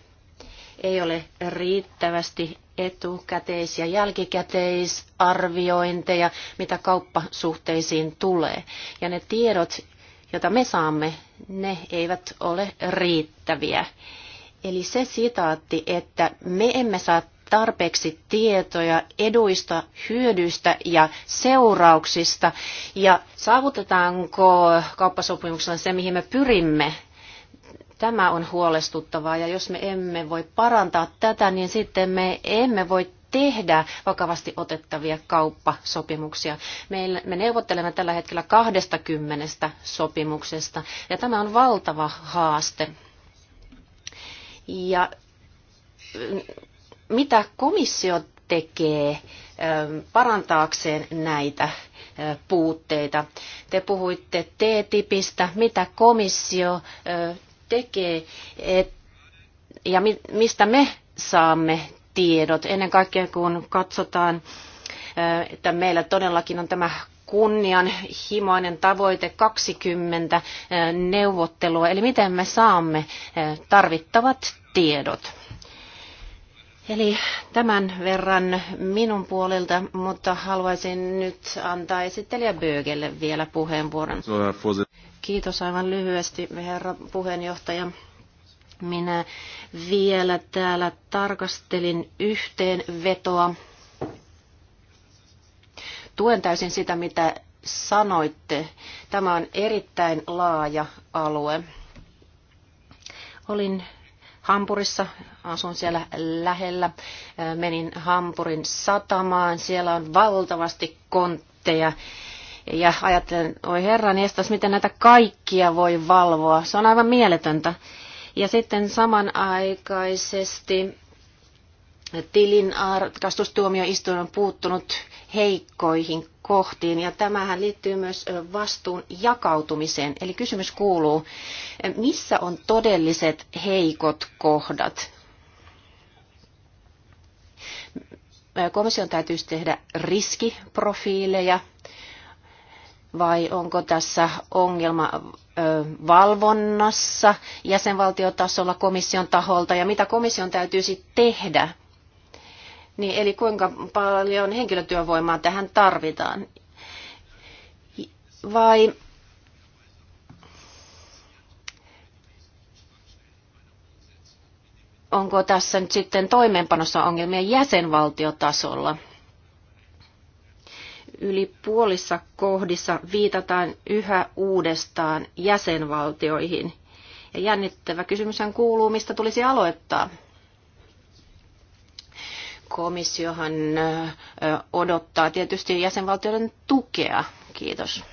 ei ole riittävästi etukäteis- ja jälkikäteisarviointeja, mitä kauppasuhteisiin tulee. Ja ne tiedot, joita me saamme, ne eivät ole riittäviä. Eli se sitaatti, että me emme saa tarpeeksi tietoja eduista, hyödyistä ja seurauksista ja saavutetaanko kauppasopimuksella se, mihin me pyrimme, Tämä on huolestuttavaa ja jos me emme voi parantaa tätä, niin sitten me emme voi tehdä vakavasti otettavia kauppasopimuksia. Meillä, me neuvottelemme tällä hetkellä 20 sopimuksesta ja tämä on valtava haaste. Ja mm, mitä komissio tekee ähm, parantaakseen näitä äh, puutteita? Te puhuitte T-tipistä. Mitä komissio äh, tekee et, ja mi, mistä me saamme tiedot. Ennen kaikkea kun katsotaan, että meillä todellakin on tämä kunnianhimoinen tavoite 20 neuvottelua, eli miten me saamme tarvittavat tiedot. Eli tämän verran minun puolelta, mutta haluaisin nyt antaa esittelijä Bögelle vielä puheenvuoron. Kiitos aivan lyhyesti, herra puheenjohtaja. Minä vielä täällä tarkastelin yhteenvetoa. Tuen täysin sitä, mitä sanoitte. Tämä on erittäin laaja alue. Olin Hampurissa, asun siellä lähellä. Menin Hampurin satamaan, siellä on valtavasti kontteja ja ajattelen, oi herran estäs, miten näitä kaikkia voi valvoa. Se on aivan mieletöntä. Ja sitten samanaikaisesti tilin arkastustuomioistuin on puuttunut heikkoihin kohtiin. Ja tämähän liittyy myös vastuun jakautumiseen. Eli kysymys kuuluu, missä on todelliset heikot kohdat? Komission täytyisi tehdä riskiprofiileja vai onko tässä ongelma valvonnassa jäsenvaltiotasolla komission taholta ja mitä komission täytyisi tehdä? Niin, eli kuinka paljon henkilötyövoimaa tähän tarvitaan? Vai onko tässä nyt sitten toimeenpanossa ongelmia jäsenvaltiotasolla? yli puolissa kohdissa viitataan yhä uudestaan jäsenvaltioihin. Ja jännittävä kysymys kuuluu, mistä tulisi aloittaa. Komissiohan odottaa tietysti jäsenvaltioiden tukea. Kiitos.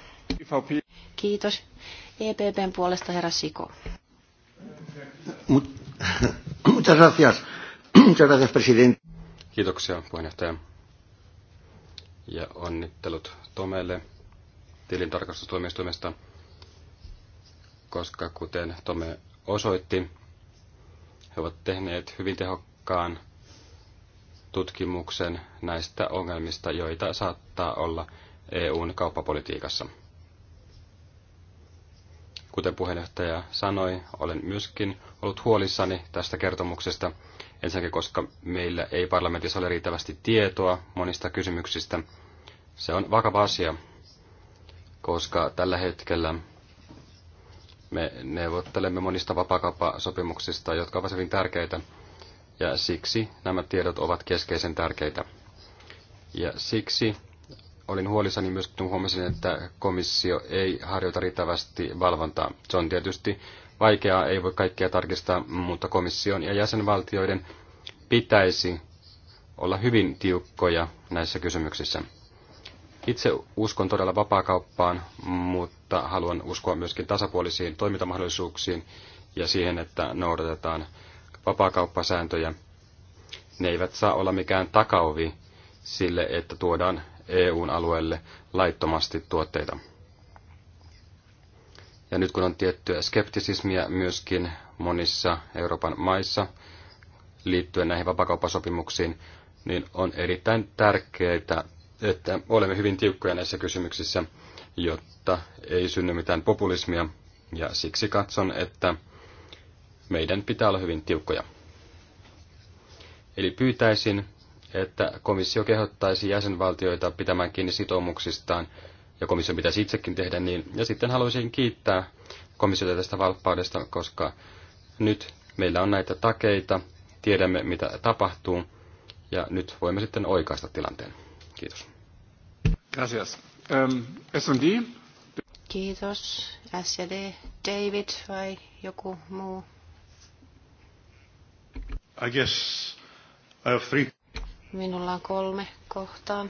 Kiitos. EPPn puolesta herra Siko. Muchas gracias. Muchas gracias, presidente. Kiitoksia, puheenjohtaja ja onnittelut Tomelle tilintarkastustuomioistuimesta, koska kuten Tome osoitti, he ovat tehneet hyvin tehokkaan tutkimuksen näistä ongelmista, joita saattaa olla EUn kauppapolitiikassa. Kuten puheenjohtaja sanoi, olen myöskin ollut huolissani tästä kertomuksesta, Ensinnäkin, koska meillä ei parlamentissa ole riittävästi tietoa monista kysymyksistä. Se on vakava asia, koska tällä hetkellä me neuvottelemme monista vapakauppasopimuksista, jotka ovat hyvin tärkeitä, ja siksi nämä tiedot ovat keskeisen tärkeitä. Ja siksi olin huolissani myös huomasin, että komissio ei harjoita riittävästi valvontaa. Se on tietysti vaikeaa, ei voi kaikkea tarkistaa, mutta komission ja jäsenvaltioiden pitäisi olla hyvin tiukkoja näissä kysymyksissä. Itse uskon todella vapaakauppaan, mutta haluan uskoa myöskin tasapuolisiin toimintamahdollisuuksiin ja siihen, että noudatetaan vapaakauppasääntöjä. Ne eivät saa olla mikään takauvi sille, että tuodaan EUn alueelle laittomasti tuotteita. Ja nyt kun on tiettyä skeptisismiä myöskin monissa Euroopan maissa liittyen näihin vapakauppasopimuksiin, niin on erittäin tärkeää, että olemme hyvin tiukkoja näissä kysymyksissä, jotta ei synny mitään populismia. Ja siksi katson, että meidän pitää olla hyvin tiukkoja. Eli pyytäisin, että komissio kehottaisi jäsenvaltioita pitämään kiinni sitoumuksistaan ja komission pitäisi itsekin tehdä niin. Ja sitten haluaisin kiittää komissiota tästä valppaudesta, koska nyt meillä on näitä takeita, tiedämme mitä tapahtuu, ja nyt voimme sitten oikaista tilanteen. Kiitos. Gracias. Um, S&D. Kiitos. SD David vai joku muu? I guess I have three. Minulla on kolme kohtaa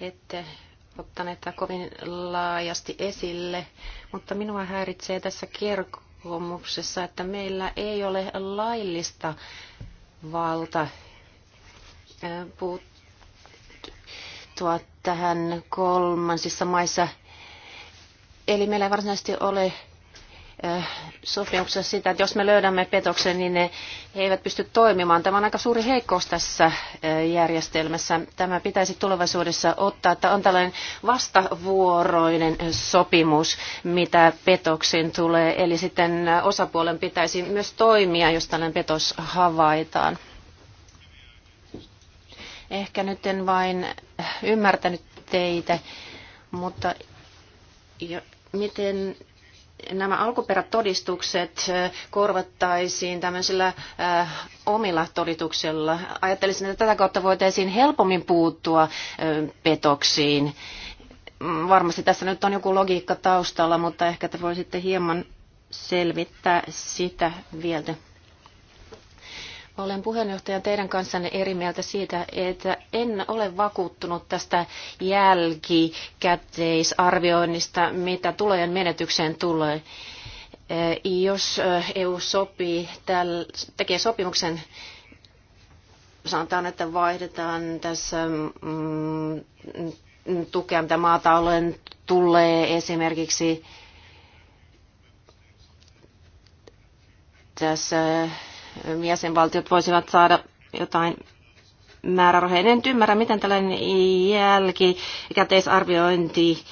ette ottaneet tätä kovin laajasti esille, mutta minua häiritsee tässä kerkomuksessa, että meillä ei ole laillista valta puuttua tähän kolmansissa maissa. Eli meillä ei varsinaisesti ole Äh, sopimuksessa sitä, että jos me löydämme petoksen, niin ne he eivät pysty toimimaan. Tämä on aika suuri heikkous tässä äh, järjestelmässä. Tämä pitäisi tulevaisuudessa ottaa, että on tällainen vastavuoroinen sopimus, mitä petoksiin tulee. Eli sitten äh, osapuolen pitäisi myös toimia, jos tällainen petos havaitaan. Ehkä nyt en vain ymmärtänyt teitä, mutta jo, miten nämä alkuperätodistukset korvattaisiin tämmöisillä omilla todistuksella. Ajattelisin, että tätä kautta voitaisiin helpommin puuttua petoksiin. Mm, varmasti tässä nyt on joku logiikka taustalla, mutta ehkä te voisitte hieman selvittää sitä vielä. Olen puheenjohtajan teidän kanssanne eri mieltä siitä, että en ole vakuuttunut tästä jälkikäteisarvioinnista, mitä tulojen menetykseen tulee. Eh, jos EU eh, e sopii, tekee sopimuksen, sanotaan, että vaihdetaan tässä mm, tukea, mitä maatalouden tulee esimerkiksi tässä jäsenvaltiot voisivat saada jotain määrärahoja. En ymmärrä, miten tällainen eh, jälkikäteisarviointi,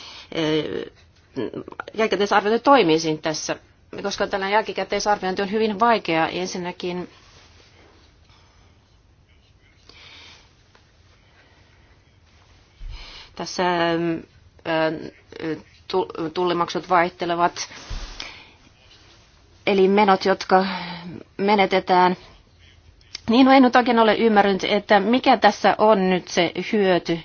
jälkikäteisarviointi toimisi tässä, koska tällainen jälkikäteisarviointi on hyvin vaikea. Ensinnäkin tässä eh, tullimaksut vaihtelevat. Eli menot, jotka menetetään. Niin no, en nyt oikein ole ymmärrynyt, että mikä tässä on nyt se hyöty.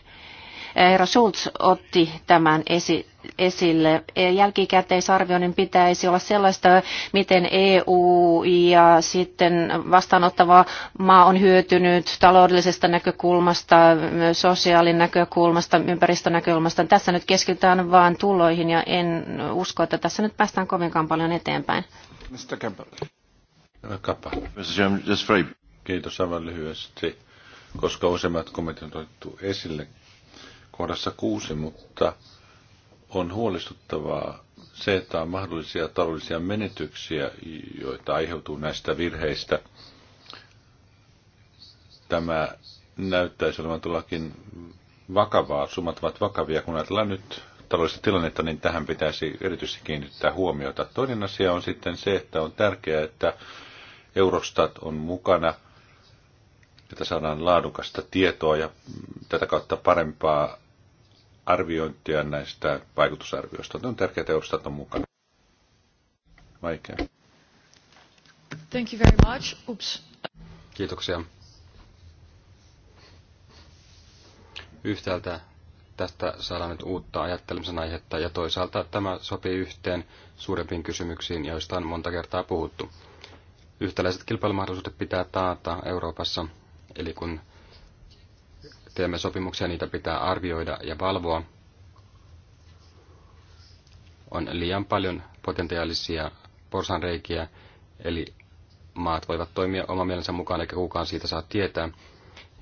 Herra Schulz otti tämän esi- esille. E, jälkikäteisarvioinnin pitäisi olla sellaista, miten EU ja sitten vastaanottava maa on hyötynyt taloudellisesta näkökulmasta, sosiaalin näkökulmasta, ympäristön näkökulmasta. Tässä nyt keskitytään vain tuloihin ja en usko, että tässä nyt päästään kovinkaan paljon eteenpäin. Mr. Campbell. Kappa. Kiitos aivan lyhyesti, koska useimmat kommentit on otettu esille kohdassa kuusi, mutta on huolestuttavaa se, että on mahdollisia taloudellisia menetyksiä, joita aiheutuu näistä virheistä. Tämä näyttäisi olevan tullakin vakavaa, summat ovat vakavia. Kun ajatellaan nyt taloudellista tilannetta, niin tähän pitäisi erityisesti kiinnittää huomiota. Toinen asia on sitten se, että on tärkeää, että Eurostat on mukana, että saadaan laadukasta tietoa ja tätä kautta parempaa arviointia näistä vaikutusarvioista. On tärkeää, että Eurostat on mukana. Vaikea. Thank you very much. Oops. Kiitoksia. Yhtäältä tästä saadaan nyt uutta ajattelemisen aihetta ja toisaalta tämä sopii yhteen suurempiin kysymyksiin, joista on monta kertaa puhuttu. Yhtäläiset kilpailumahdollisuudet pitää taata Euroopassa, eli kun teemme sopimuksia, niitä pitää arvioida ja valvoa. On liian paljon potentiaalisia porsanreikiä, eli maat voivat toimia oman mielensä mukaan, eikä kukaan siitä saa tietää.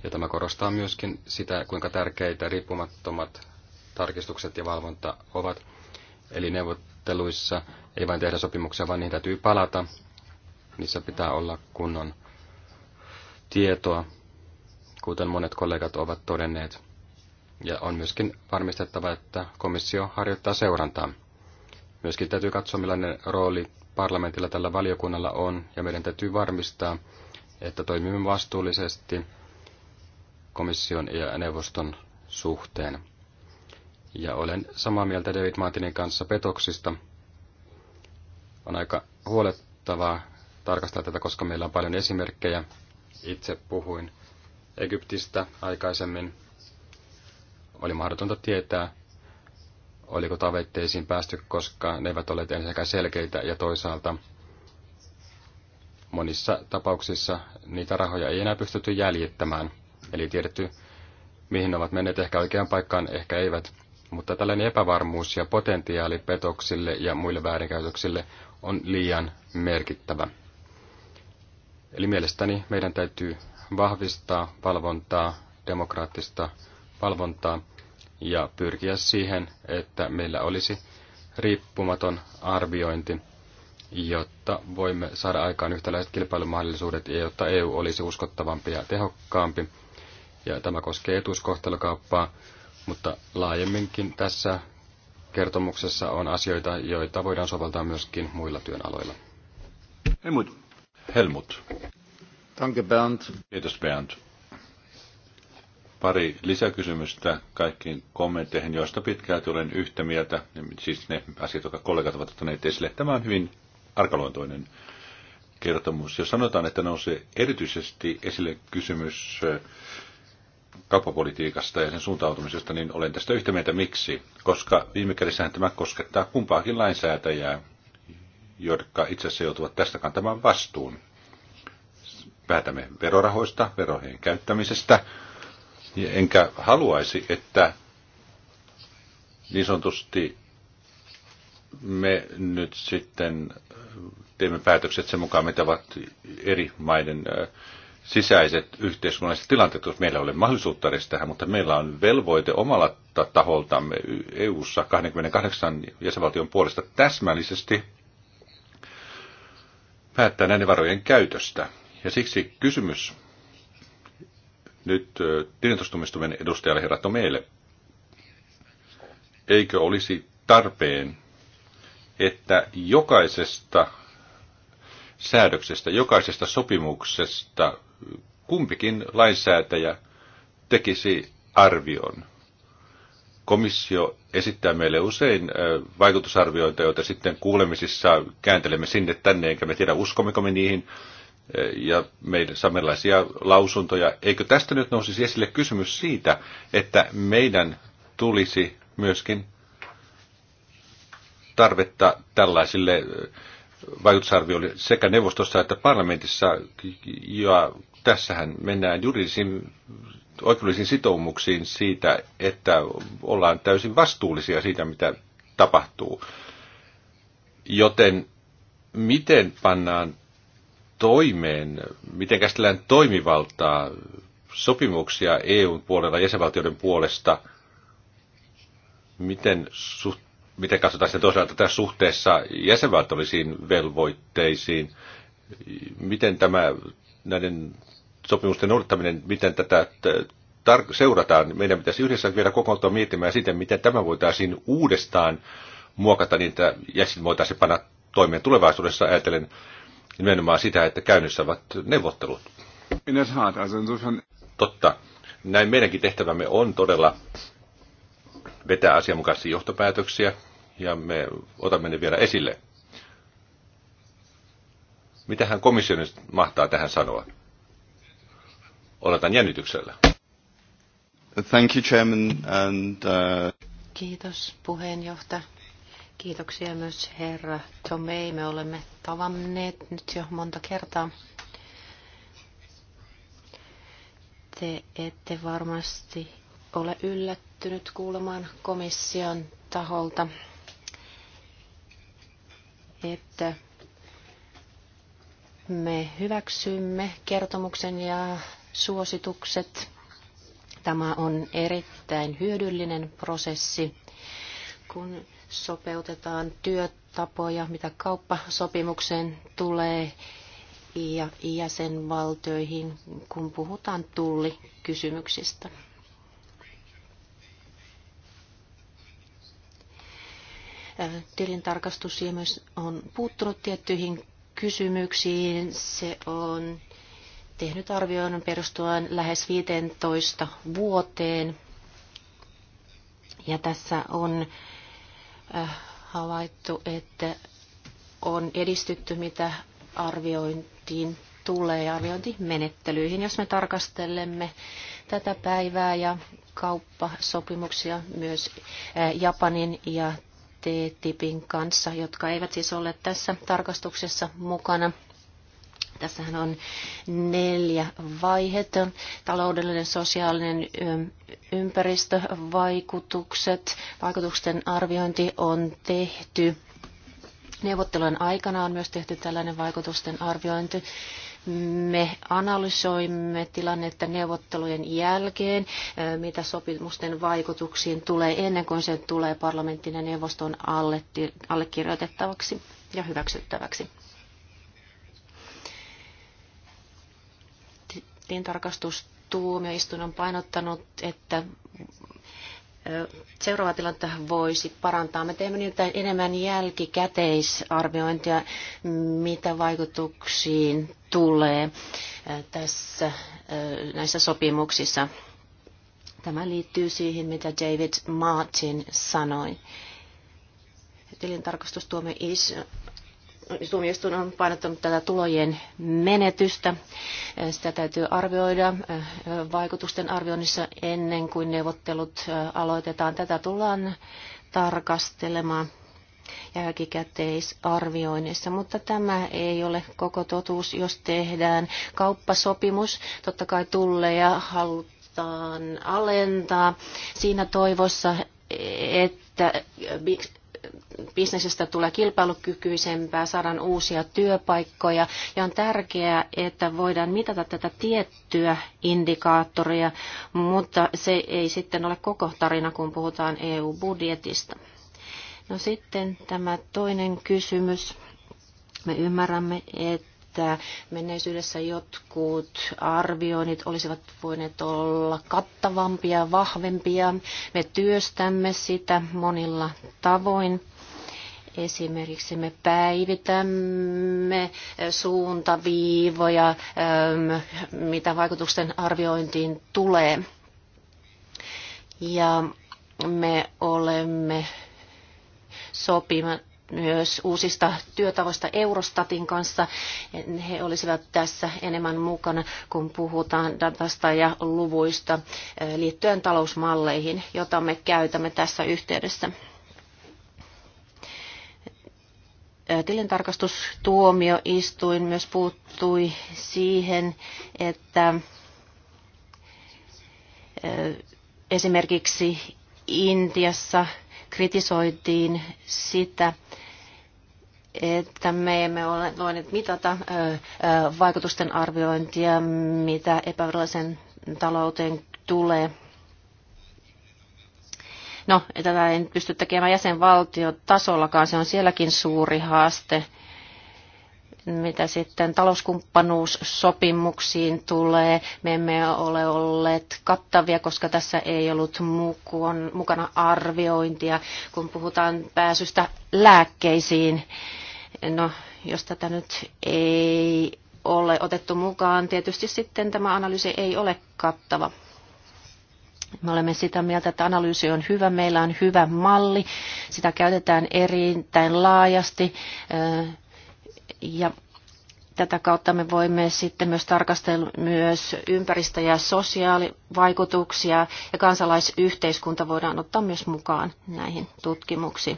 Ja tämä korostaa myöskin sitä, kuinka tärkeitä riippumattomat tarkistukset ja valvonta ovat. Eli neuvotteluissa ei vain tehdä sopimuksia, vaan niihin täytyy palata Niissä pitää olla kunnon tietoa, kuten monet kollegat ovat todenneet. Ja on myöskin varmistettava, että komissio harjoittaa seurantaa. Myöskin täytyy katsoa, millainen rooli parlamentilla tällä valiokunnalla on, ja meidän täytyy varmistaa, että toimimme vastuullisesti komission ja neuvoston suhteen. Ja olen samaa mieltä David Martinin kanssa petoksista. On aika huolettavaa, Tarkastella tätä, koska meillä on paljon esimerkkejä. Itse puhuin Egyptistä aikaisemmin. Oli mahdotonta tietää, oliko tavoitteisiin päästy, koska ne eivät ole ensinnäkään selkeitä ja toisaalta monissa tapauksissa niitä rahoja ei enää pystytty jäljittämään. Eli tiedetty, mihin ne ovat menneet, ehkä oikeaan paikkaan, ehkä eivät. Mutta tällainen epävarmuus ja potentiaali petoksille ja muille väärinkäytöksille on liian merkittävä. Eli mielestäni meidän täytyy vahvistaa valvontaa, demokraattista valvontaa ja pyrkiä siihen, että meillä olisi riippumaton arviointi, jotta voimme saada aikaan yhtäläiset kilpailumahdollisuudet ja jotta EU olisi uskottavampi ja tehokkaampi. Ja tämä koskee etuuskohtelukauppaa, mutta laajemminkin tässä kertomuksessa on asioita, joita voidaan soveltaa myöskin muilla työnaloilla. muuta. Helmut. Danke Bernd. Kiitos Bernd. Pari lisäkysymystä kaikkiin kommentteihin, joista pitkälti olen yhtä mieltä, siis ne asiat, jotka kollegat ovat ottaneet esille. Tämä on hyvin arkaluontoinen kertomus. Jos sanotaan, että nousee erityisesti esille kysymys kauppapolitiikasta ja sen suuntautumisesta, niin olen tästä yhtä mieltä miksi, koska viime kädessähän tämä koskettaa kumpaakin lainsäätäjää, jotka itse asiassa joutuvat tästä kantamaan vastuun. Päätämme verorahoista, verojen käyttämisestä, enkä haluaisi, että niin sanotusti me nyt sitten teemme päätökset sen mukaan, mitä ovat eri maiden sisäiset yhteiskunnalliset tilanteet, koska meillä ei ole mahdollisuutta edes tähän, mutta meillä on velvoite omalla taholtamme EU-ssa 28 jäsenvaltion puolesta täsmällisesti päättää näiden varojen käytöstä. Ja siksi kysymys nyt tilintostumistuminen edustajalle herra Tomeille. Eikö olisi tarpeen, että jokaisesta säädöksestä, jokaisesta sopimuksesta kumpikin lainsäätäjä tekisi arvion. Komissio esittää meille usein vaikutusarvioita, joita sitten kuulemisissa kääntelemme sinne tänne, enkä me tiedä uskommeko me niihin, ja meidän samanlaisia lausuntoja. Eikö tästä nyt nousisi esille kysymys siitä, että meidän tulisi myöskin tarvetta tällaisille vaikutusarvioille sekä neuvostossa että parlamentissa, ja tässähän mennään juridisiin oikeudellisiin sitoumuksiin siitä, että ollaan täysin vastuullisia siitä, mitä tapahtuu. Joten miten pannaan toimeen, miten käsitellään toimivaltaa sopimuksia EUn puolella jäsenvaltioiden puolesta, miten, suht, miten katsotaan sitä toisaalta tässä suhteessa jäsenvaltiollisiin velvoitteisiin, miten tämä näiden sopimusten noudattaminen, miten tätä tar- seurataan. Meidän pitäisi yhdessä vielä kokoontua miettimään sitä, miten tämä voitaisiin uudestaan muokata niin, että jäsen voitaisiin panna toimeen tulevaisuudessa ajatellen nimenomaan sitä, että käynnissä ovat neuvottelut. Totta. Näin meidänkin tehtävämme on todella vetää asianmukaisia johtopäätöksiä ja me otamme ne vielä esille. Mitä hän komissio mahtaa tähän sanoa? odotan jännityksellä. Thank you, Chairman, and, uh... Kiitos puheenjohtaja. Kiitoksia myös herra Tomei. Me olemme tavanneet nyt jo monta kertaa. Te ette varmasti ole yllättynyt kuulemaan komission taholta, että me hyväksymme kertomuksen ja suositukset. Tämä on erittäin hyödyllinen prosessi, kun sopeutetaan työtapoja, mitä kauppasopimukseen tulee ja jäsenvaltioihin, kun puhutaan tullikysymyksistä. Tilintarkastus on puuttunut tiettyihin kysymyksiin. Se on tehnyt arvioinnin perustuen lähes 15 vuoteen. Ja tässä on äh, havaittu, että on edistytty, mitä arviointiin tulee, arviointimenettelyihin. Jos me tarkastelemme tätä päivää ja kauppasopimuksia myös äh, Japanin ja TTIPin kanssa, jotka eivät siis ole tässä tarkastuksessa mukana, Tässähän on neljä vaihetta. Taloudellinen, sosiaalinen, ympäristövaikutukset. Vaikutusten arviointi on tehty. Neuvottelujen aikana on myös tehty tällainen vaikutusten arviointi. Me analysoimme tilannetta neuvottelujen jälkeen, mitä sopimusten vaikutuksiin tulee ennen kuin se tulee parlamenttinen ja neuvoston allekirjoitettavaksi ja hyväksyttäväksi. tilintarkastustuomioistuin on painottanut, että seuraava tilannetta voisi parantaa. Me teemme nyt enemmän jälkikäteisarviointia, mitä vaikutuksiin tulee tässä, näissä sopimuksissa. Tämä liittyy siihen, mitä David Martin sanoi. Tilintarkastustuomioistuin tuomioistuin on painottanut tätä tulojen menetystä. Sitä täytyy arvioida eh, vaikutusten arvioinnissa ennen kuin neuvottelut eh, aloitetaan. Tätä tullaan tarkastelemaan jälkikäteisarvioinnissa, mutta tämä ei ole koko totuus, jos tehdään kauppasopimus. Totta kai tulleja halutaan alentaa siinä toivossa, että bisnesestä tulee kilpailukykyisempää, saadaan uusia työpaikkoja ja on tärkeää, että voidaan mitata tätä tiettyä indikaattoria, mutta se ei sitten ole koko tarina, kun puhutaan EU-budjetista. No sitten tämä toinen kysymys. Me ymmärrämme, että menneisyydessä jotkut arvioinnit olisivat voineet olla kattavampia, vahvempia. Me työstämme sitä monilla tavoin. Esimerkiksi me päivitämme e, suuntaviivoja, e, mitä vaikutusten arviointiin tulee. Ja me olemme sopimat myös uusista työtavoista Eurostatin kanssa. He olisivat tässä enemmän mukana, kun puhutaan datasta ja luvuista e, liittyen talousmalleihin, jota me käytämme tässä yhteydessä. tilintarkastustuomioistuin myös puuttui siihen, että esimerkiksi Intiassa kritisoitiin sitä, että me emme ole voineet mitata vaikutusten arviointia, mitä epävirallisen talouteen tulee. No, tätä ei pysty tekemään jäsenvaltiotasollakaan, se on sielläkin suuri haaste. Mitä sitten talouskumppanuussopimuksiin tulee, me emme ole olleet kattavia, koska tässä ei ollut mukana arviointia, kun puhutaan pääsystä lääkkeisiin. No, jos tätä nyt ei ole otettu mukaan, tietysti sitten tämä analyysi ei ole kattava. Me olemme sitä mieltä, että analyysi on hyvä, meillä on hyvä malli, sitä käytetään erittäin laajasti ja Tätä kautta me voimme sitten myös tarkastella myös ympäristö- ja sosiaalivaikutuksia ja kansalaisyhteiskunta voidaan ottaa myös mukaan näihin tutkimuksiin.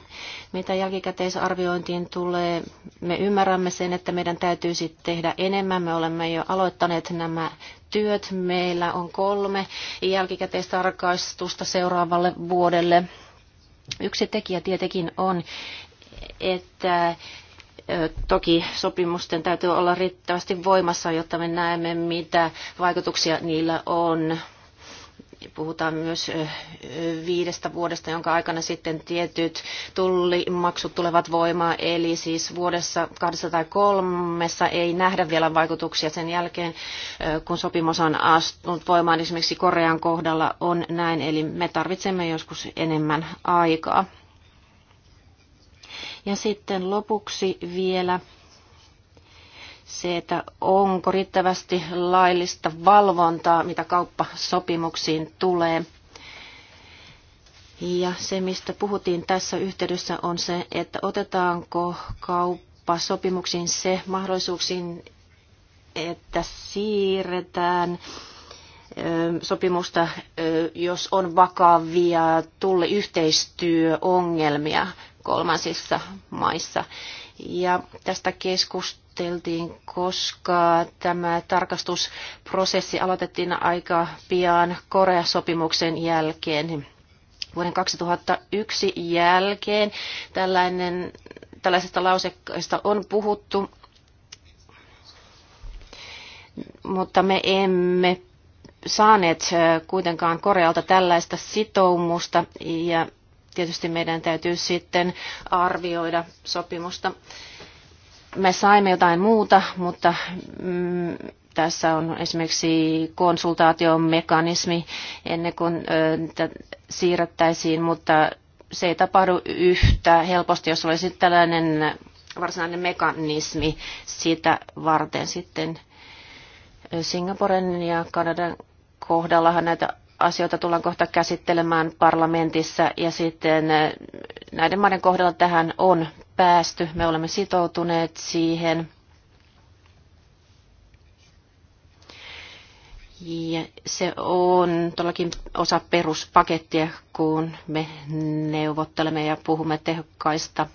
Mitä jälkikäteisarviointiin tulee, me ymmärrämme sen, että meidän täytyy sitten tehdä enemmän. Me olemme jo aloittaneet nämä työt. Meillä on kolme jälkikäteistarkastusta seuraavalle vuodelle. Yksi tekijä tietenkin on, että Toki sopimusten täytyy olla riittävästi voimassa, jotta me näemme, mitä vaikutuksia niillä on. Puhutaan myös viidestä vuodesta, jonka aikana sitten tietyt tullimaksut tulevat voimaan. Eli siis vuodessa kahdessa tai kolmessa ei nähdä vielä vaikutuksia sen jälkeen, kun sopimus on astunut voimaan. Esimerkiksi Korean kohdalla on näin, eli me tarvitsemme joskus enemmän aikaa. Ja sitten lopuksi vielä se, että onko riittävästi laillista valvontaa, mitä kauppasopimuksiin tulee. Ja se, mistä puhuttiin tässä yhteydessä, on se, että otetaanko kauppasopimuksiin se mahdollisuuksiin, että siirretään sopimusta, jos on vakavia tulliyhteistyöongelmia kolmansissa maissa. Ja tästä keskusteltiin, koska tämä tarkastusprosessi aloitettiin aika pian Korea-sopimuksen jälkeen. Vuoden 2001 jälkeen tällainen, tällaisesta lausekkaista on puhuttu, mutta me emme saaneet kuitenkaan Korealta tällaista sitoumusta ja tietysti meidän täytyy sitten arvioida sopimusta. Me saimme jotain muuta, mutta mm, tässä on esimerkiksi konsultaatiomekanismi ennen kuin ö, siirrettäisiin, mutta se ei tapahdu yhtä helposti, jos olisi tällainen varsinainen mekanismi sitä varten sitten Singaporen ja Kanadan kohdallahan näitä asioita tullaan kohta käsittelemään parlamentissa ja sitten eh, näiden maiden kohdalla tähän on päästy. Me olemme sitoutuneet siihen. Ja se on todellakin osa peruspakettia, kun me neuvottelemme ja puhumme tehokkaista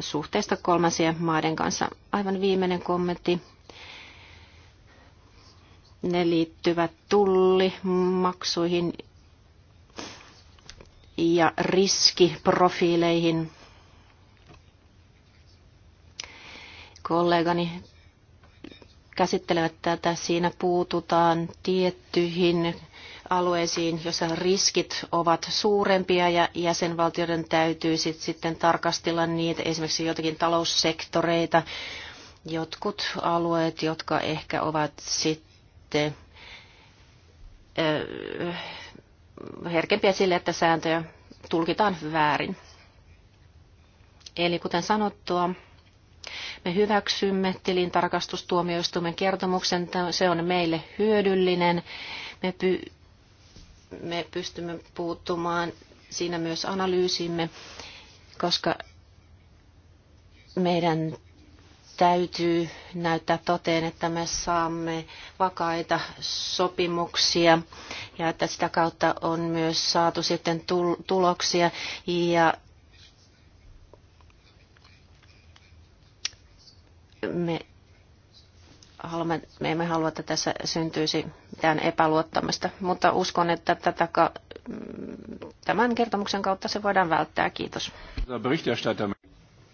suhteista kolmansien maiden kanssa. Aivan viimeinen kommentti. Ne liittyvät tullimaksuihin ja riskiprofiileihin. Kollegani käsittelevät tätä. Siinä puututaan tiettyihin alueisiin, joissa riskit ovat suurempia ja jäsenvaltioiden täytyy sit sitten tarkastella niitä, esimerkiksi jotakin taloussektoreita, jotkut alueet, jotka ehkä ovat sit olette herkempiä sille, että sääntöjä tulkitaan väärin. Eli kuten sanottua, me hyväksymme tilintarkastustuomioistuimen kertomuksen. Se on meille hyödyllinen. Me, py, me pystymme puuttumaan siinä myös analyysimme, koska meidän täytyy näyttää toteen, että me saamme vakaita sopimuksia ja että sitä kautta on myös saatu sitten tuloksia ja me, haluamme, me emme halua, että tässä syntyisi mitään epäluottamista, mutta uskon, että tätä mm, tämän kertomuksen kautta se voidaan välttää. Kiitos.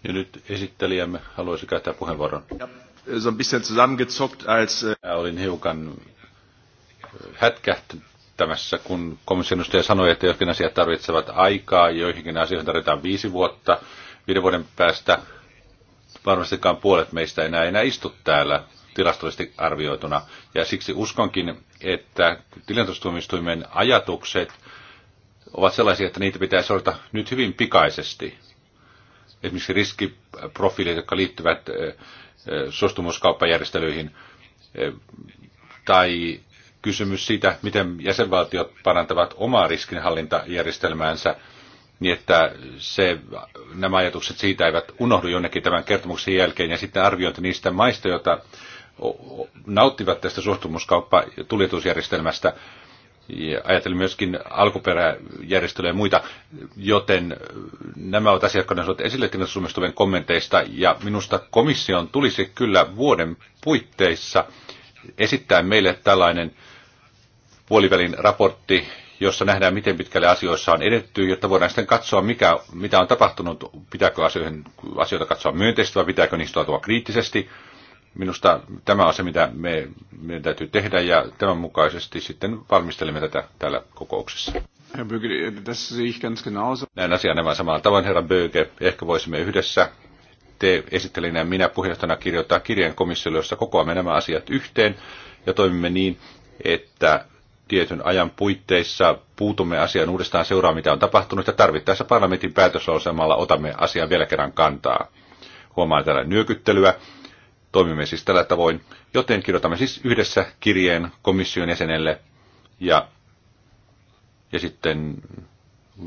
Ja nyt esittelijämme haluaisi käyttää puheenvuoron. So ein bisschen zusammengezockt als... Äh, olin hiukan äh, hätkähtämässä, kun komission sanoi, että jokin asiat tarvitsevat aikaa, joihinkin asioihin tarvitaan viisi vuotta. Viiden vuoden päästä varmastikaan puolet meistä enää enää istu täällä tilastollisesti arvioituna. Ja siksi uskonkin, että tilintustuomistuimen ajatukset ovat sellaisia, että niitä pitää seurata nyt hyvin pikaisesti esimerkiksi riskiprofiilit, jotka liittyvät suostumuskauppajärjestelyihin, tai kysymys siitä, miten jäsenvaltiot parantavat omaa riskinhallintajärjestelmäänsä, niin että se, nämä ajatukset siitä eivät unohdu jonnekin tämän kertomuksen jälkeen, ja sitten arviointi niistä maista, joita nauttivat tästä suostumuskauppa- ja tuljetusjärjestelmästä, ja ajatellen myöskin alkuperäjärjestelyjä ja muita, joten nämä ovat asiat, jotka ovat esille Suomen kommenteista, ja minusta komission tulisi kyllä vuoden puitteissa esittää meille tällainen puolivälin raportti, jossa nähdään, miten pitkälle asioissa on edetty, jotta voidaan sitten katsoa, mikä, mitä on tapahtunut, pitääkö asioihin, asioita katsoa myönteisesti vai pitääkö niistä tulla kriittisesti. Minusta tämä on se, mitä me, meidän täytyy tehdä ja tämän mukaisesti sitten valmistelemme tätä täällä kokouksessa. Herr Böge, das sehe ich ganz genauso. Näin asia aivan samalla tavoin, herra Böge. Ehkä voisimme yhdessä te esittelijänä ja minä puheenjohtajana kirjoittaa kirjeen komissiolle, jossa kokoamme nämä asiat yhteen ja toimimme niin, että tietyn ajan puitteissa puutumme asiaan uudestaan seuraa, mitä on tapahtunut, ja tarvittaessa parlamentin päätöslauselmalla otamme asian vielä kerran kantaa. Huomaan täällä nyökyttelyä. Toimimme siis tällä tavoin, joten kirjoitamme siis yhdessä kirjeen komission jäsenelle ja, ja sitten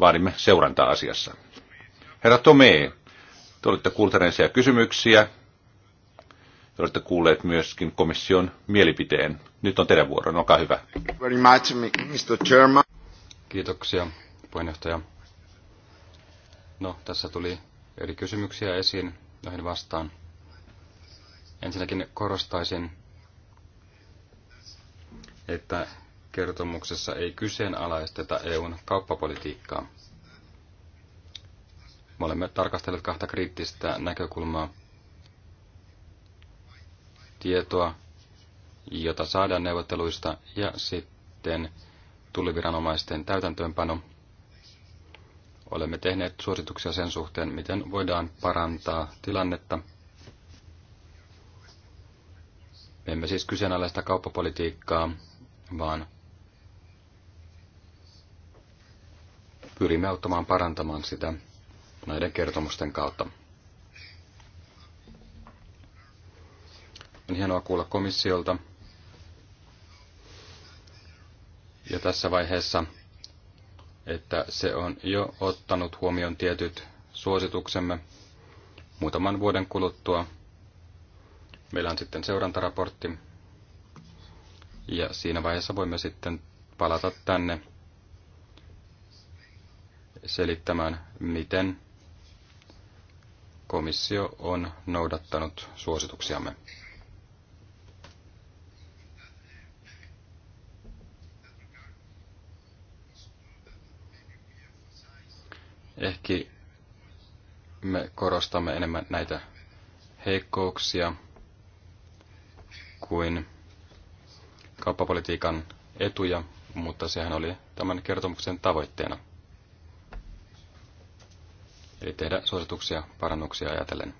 vaadimme seurantaa asiassa. Herra Tomee, te olette kuulleet kysymyksiä. Te olette kuulleet myöskin komission mielipiteen. Nyt on teidän vuoron, olkaa hyvä. Very much, Mr. Chairman. Kiitoksia, puheenjohtaja. No, tässä tuli eri kysymyksiä esiin, joihin vastaan. Ensinnäkin korostaisin, että kertomuksessa ei kyseenalaisteta EUn kauppapolitiikkaa. Me olemme tarkastelleet kahta kriittistä näkökulmaa. Tietoa, jota saadaan neuvotteluista, ja sitten tulliviranomaisten täytäntöönpano. Olemme tehneet suosituksia sen suhteen, miten voidaan parantaa tilannetta – me emme siis kyseenalaista kauppapolitiikkaa, vaan pyrimme auttamaan parantamaan sitä näiden kertomusten kautta. On hienoa kuulla komissiolta. Ja tässä vaiheessa, että se on jo ottanut huomioon tietyt suosituksemme muutaman vuoden kuluttua Meillä on sitten seurantaraportti. Ja siinä vaiheessa voimme sitten palata tänne selittämään, miten komissio on noudattanut suosituksiamme. Ehkä me korostamme enemmän näitä heikkouksia kuin kauppapolitiikan etuja, mutta sehän oli tämän kertomuksen tavoitteena. Eli tehdä suosituksia parannuksia ajatellen.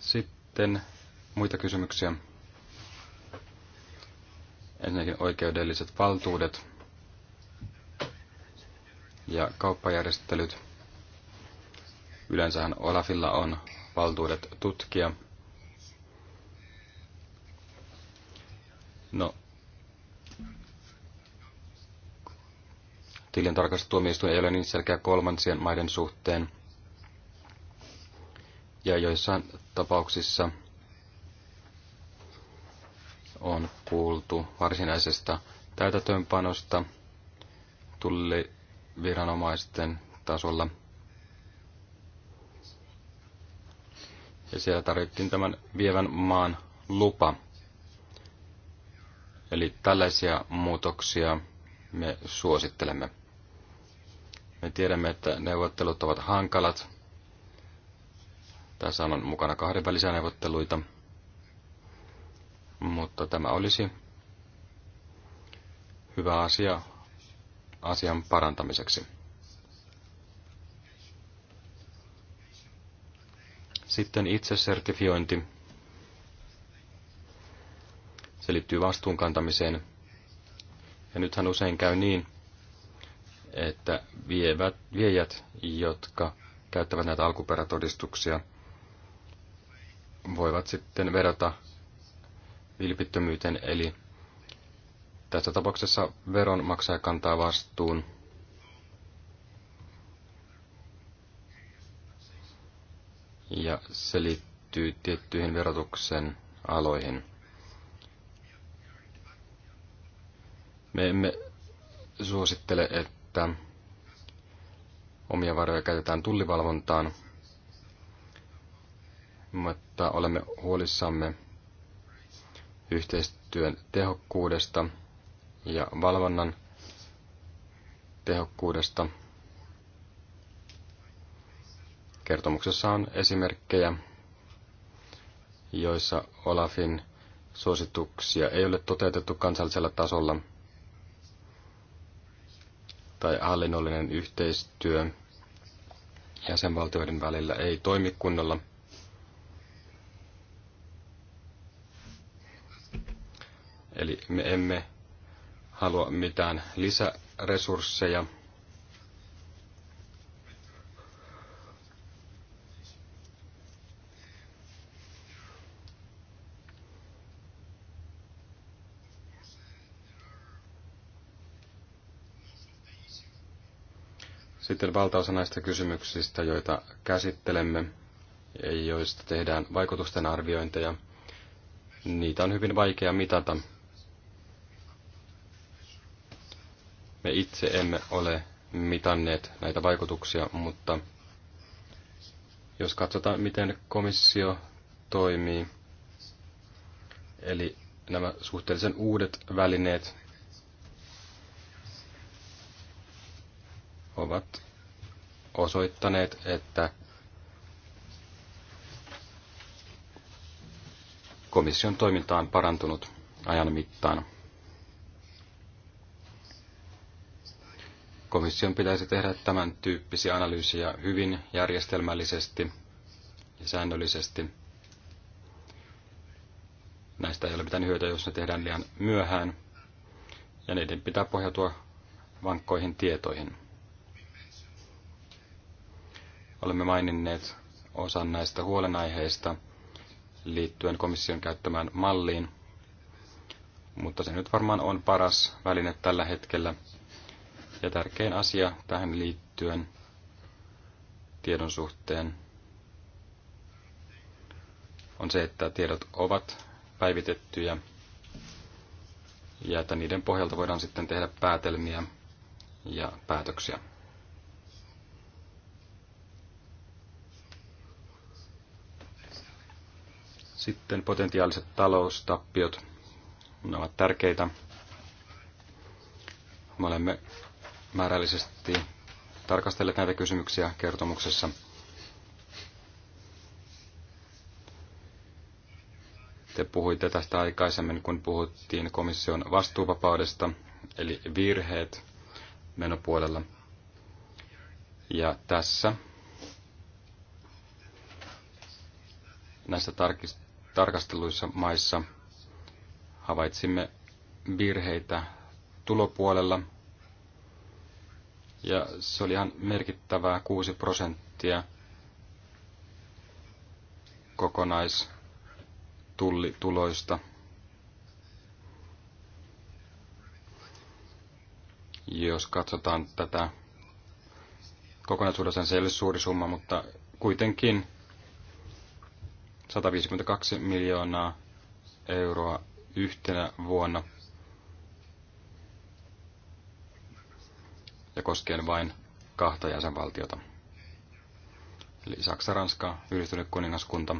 Sitten muita kysymyksiä. Ensinnäkin oikeudelliset valtuudet ja kauppajärjestelyt. Yleensähän Olafilla on valtuudet tutkia. No, tilintarkastustuomioistuin ei ole niin selkeä kolmansien maiden suhteen. Ja joissain tapauksissa on kuultu varsinaisesta täytäntöönpanosta tulliviranomaisten tasolla – ja siellä tarvittiin tämän vievän maan lupa. Eli tällaisia muutoksia me suosittelemme. Me tiedämme, että neuvottelut ovat hankalat. Tässä on mukana kahdenvälisiä neuvotteluita, mutta tämä olisi hyvä asia asian parantamiseksi. Sitten itsesertifiointi. Se liittyy vastuunkantamiseen. Ja nythän usein käy niin, että vievät, viejät, jotka käyttävät näitä alkuperätodistuksia, voivat sitten verrata vilpittömyyteen, eli tässä tapauksessa veronmaksaja kantaa vastuun ja se liittyy tiettyihin verotuksen aloihin. Me emme suosittele, että omia varoja käytetään tullivalvontaan, mutta olemme huolissamme yhteistyön tehokkuudesta ja valvonnan tehokkuudesta – Kertomuksessa on esimerkkejä, joissa Olafin suosituksia ei ole toteutettu kansallisella tasolla tai hallinnollinen yhteistyö jäsenvaltioiden välillä ei toimi kunnolla. Eli me emme halua mitään lisäresursseja Sitten valtaosa näistä kysymyksistä, joita käsittelemme, joista tehdään vaikutusten arviointeja, niitä on hyvin vaikea mitata. Me itse emme ole mitanneet näitä vaikutuksia, mutta jos katsotaan, miten komissio toimii, eli nämä suhteellisen uudet välineet, ovat osoittaneet, että komission toiminta on parantunut ajan mittaan. Komission pitäisi tehdä tämän tyyppisiä analyysiä hyvin järjestelmällisesti ja säännöllisesti. Näistä ei ole mitään hyötyä, jos ne tehdään liian myöhään, ja niiden pitää pohjautua vankkoihin tietoihin. Olemme maininneet osan näistä huolenaiheista liittyen komission käyttämään malliin, mutta se nyt varmaan on paras väline tällä hetkellä. Ja tärkein asia tähän liittyen tiedon suhteen on se, että tiedot ovat päivitettyjä ja että niiden pohjalta voidaan sitten tehdä päätelmiä ja päätöksiä. Sitten potentiaaliset taloustappiot, ne ovat tärkeitä. Me olemme määrällisesti tarkastelleet näitä kysymyksiä kertomuksessa. Te puhuitte tästä aikaisemmin, kun puhuttiin komission vastuuvapaudesta, eli virheet menopuolella. Ja tässä näissä tarkistuksissa tarkasteluissa maissa havaitsimme virheitä tulopuolella. Ja se oli ihan merkittävää 6 prosenttia kokonaistullituloista. Jos katsotaan tätä kokonaisuudessaan, se ei ole suuri summa, mutta kuitenkin 152 miljoonaa euroa yhtenä vuonna. Ja koskien vain kahta jäsenvaltiota. Eli Saksa, Ranska, Yhdistynyt kuningaskunta.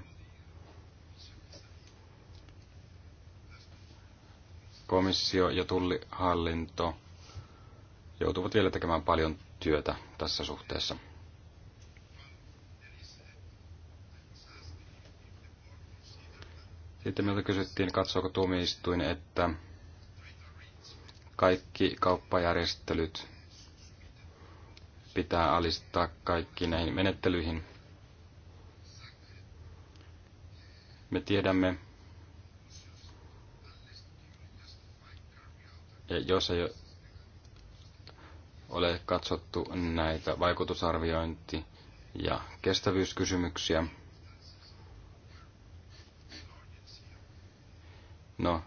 Komissio ja tullihallinto joutuvat vielä tekemään paljon työtä tässä suhteessa. Sitten meiltä kysyttiin, katsoako tuomioistuin, että kaikki kauppajärjestelyt pitää alistaa kaikki näihin menettelyihin. Me tiedämme, ja jos ei ole katsottu näitä vaikutusarviointi- ja kestävyyskysymyksiä, No,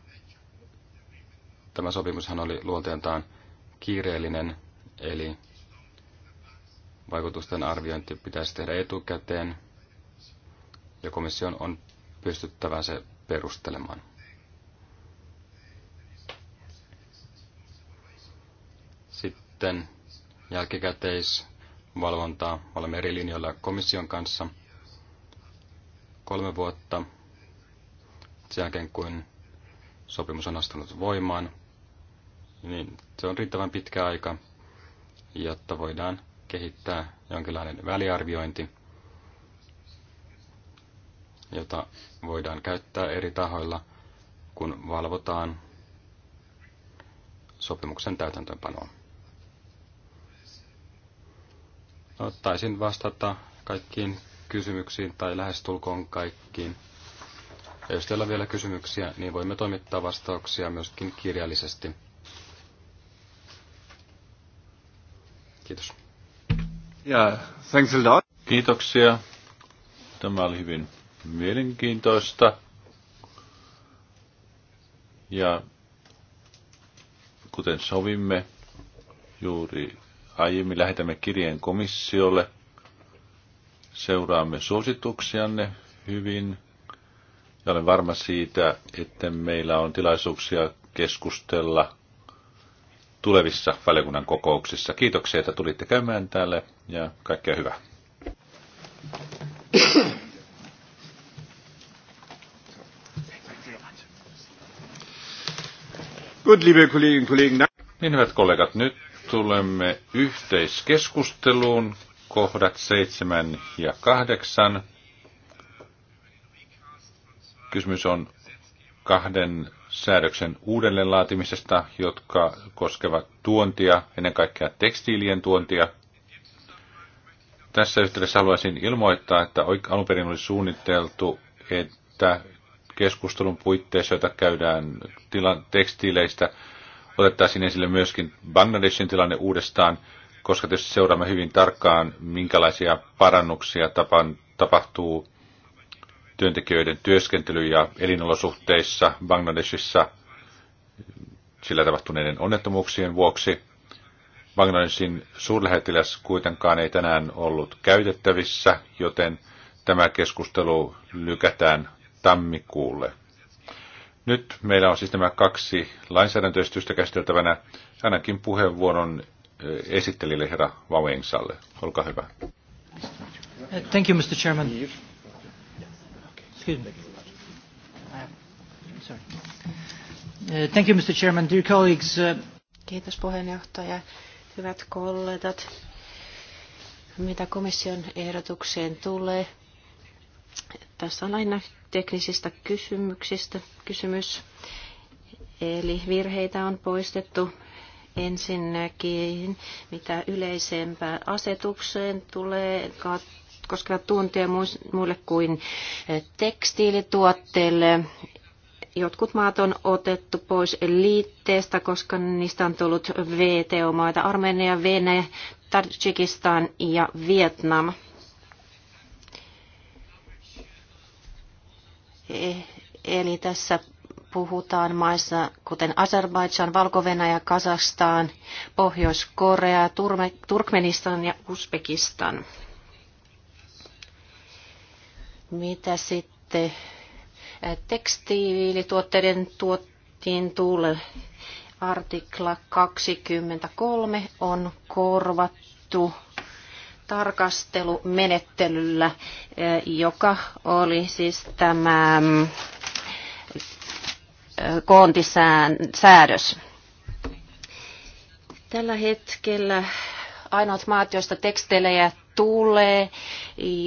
tämä sopimushan oli luonteeltaan kiireellinen, eli vaikutusten arviointi pitäisi tehdä etukäteen, ja komission on pystyttävä se perustelemaan. Sitten jälkikäteisvalvontaa olemme eri linjoilla komission kanssa. Kolme vuotta sen jälkeen, kun sopimus on astunut voimaan, niin se on riittävän pitkä aika, jotta voidaan kehittää jonkinlainen väliarviointi, jota voidaan käyttää eri tahoilla, kun valvotaan sopimuksen täytäntöönpanoa. Ottaisin no, vastata kaikkiin kysymyksiin tai lähestulkoon kaikkiin. Ja jos teillä on vielä kysymyksiä, niin voimme toimittaa vastauksia myöskin kirjallisesti. Kiitos. Ja thanks a lot. Kiitoksia. Tämä oli hyvin mielenkiintoista. Ja kuten sovimme juuri aiemmin, lähetämme kirjeen komissiolle. Seuraamme suosituksianne hyvin ja olen varma siitä, että meillä on tilaisuuksia keskustella tulevissa valiokunnan kokouksissa. Kiitoksia, että tulitte käymään täällä ja kaikkea hyvää. Good, liebe Kollegen, Kollegen. Niin, hyvät kollegat, nyt tulemme yhteiskeskusteluun kohdat 7 ja 8. Kysymys on kahden säädöksen uudelleenlaatimisesta, jotka koskevat tuontia, ennen kaikkea tekstiilien tuontia. Tässä yhteydessä haluaisin ilmoittaa, että alun perin oli suunniteltu, että keskustelun puitteissa, joita käydään tekstiileistä, otettaisiin esille myöskin Bangladeshin tilanne uudestaan, koska tietysti seuraamme hyvin tarkkaan, minkälaisia parannuksia tapahtuu työntekijöiden työskentely- ja elinolosuhteissa Bangladesissa sillä tapahtuneiden onnettomuuksien vuoksi. Bangladesin suurlähettiläs kuitenkaan ei tänään ollut käytettävissä, joten tämä keskustelu lykätään tammikuulle. Nyt meillä on siis nämä kaksi lainsäädäntöistystä käsiteltävänä. Ainakin puheenvuoron eh, esittelijälle herra Vauengsalle. Olkaa hyvä. Thank you, Mr. Chairman. Excuse me. Sorry. Uh, thank you, Mr. Chairman. Dear colleagues. Uh, Kiitos puheenjohtaja. Hyvät kollegat. Mitä komission ehdotukseen tulee? Tässä on aina teknisistä kysymyksistä kysymys. Eli virheitä on poistettu ensinnäkin, mitä yleisempään asetukseen tulee, koskevat tunteja muille kuin eh, tekstiilituotteille. Jotkut maat on otettu pois liitteestä, koska niistä on tullut VTO-maita, Armenia, Venäjä, Tajikistan ja Vietnam. Eh, eli tässä puhutaan maissa kuten Azerbaidžan, Valko-Venäjä, Kazakstan, Pohjois-Korea, Turkmenistan ja Uzbekistan. Mitä sitten tekstiilituotteiden tuottiin tulee Artikla 23 on korvattu tarkastelumenettelyllä, joka oli siis tämä koontisäädös. Tällä hetkellä ainoat maat, joista tekstelejä tulee,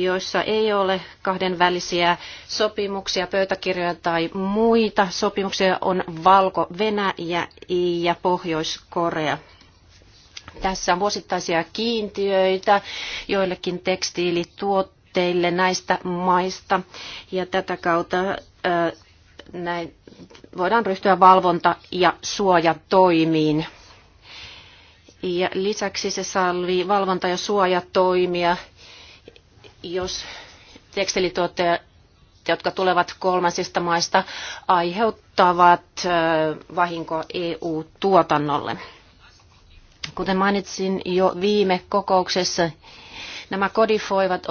joissa ei ole kahdenvälisiä sopimuksia, pöytäkirjoja tai muita sopimuksia, on Valko-Venäjä ja Pohjois-Korea. Tässä on vuosittaisia kiintiöitä joillekin tekstiilituotteille näistä maista ja tätä kautta näin voidaan ryhtyä valvonta- ja suojatoimiin. Ja lisäksi se salvii valvonta- ja suojatoimia, jos tekstilituottajat, jotka tulevat kolmansista maista, aiheuttavat vahinkoa EU-tuotannolle. Kuten mainitsin jo viime kokouksessa, nämä kodifoivat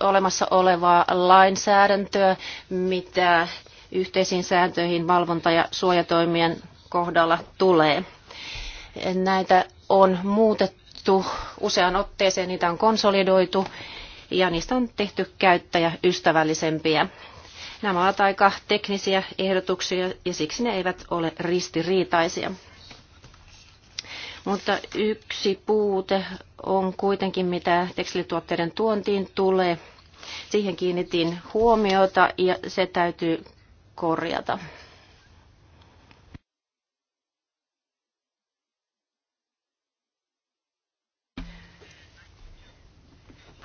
olemassa olevaa lainsäädäntöä, mitä yhteisiin sääntöihin valvonta- ja suojatoimien kohdalla tulee. Näitä on muutettu useaan otteeseen, niitä on konsolidoitu ja niistä on tehty käyttäjäystävällisempiä. Nämä ovat aika teknisiä ehdotuksia ja siksi ne eivät ole ristiriitaisia. Mutta yksi puute on kuitenkin, mitä tekstilituotteiden tuontiin tulee. Siihen kiinnitin huomiota ja se täytyy korjata.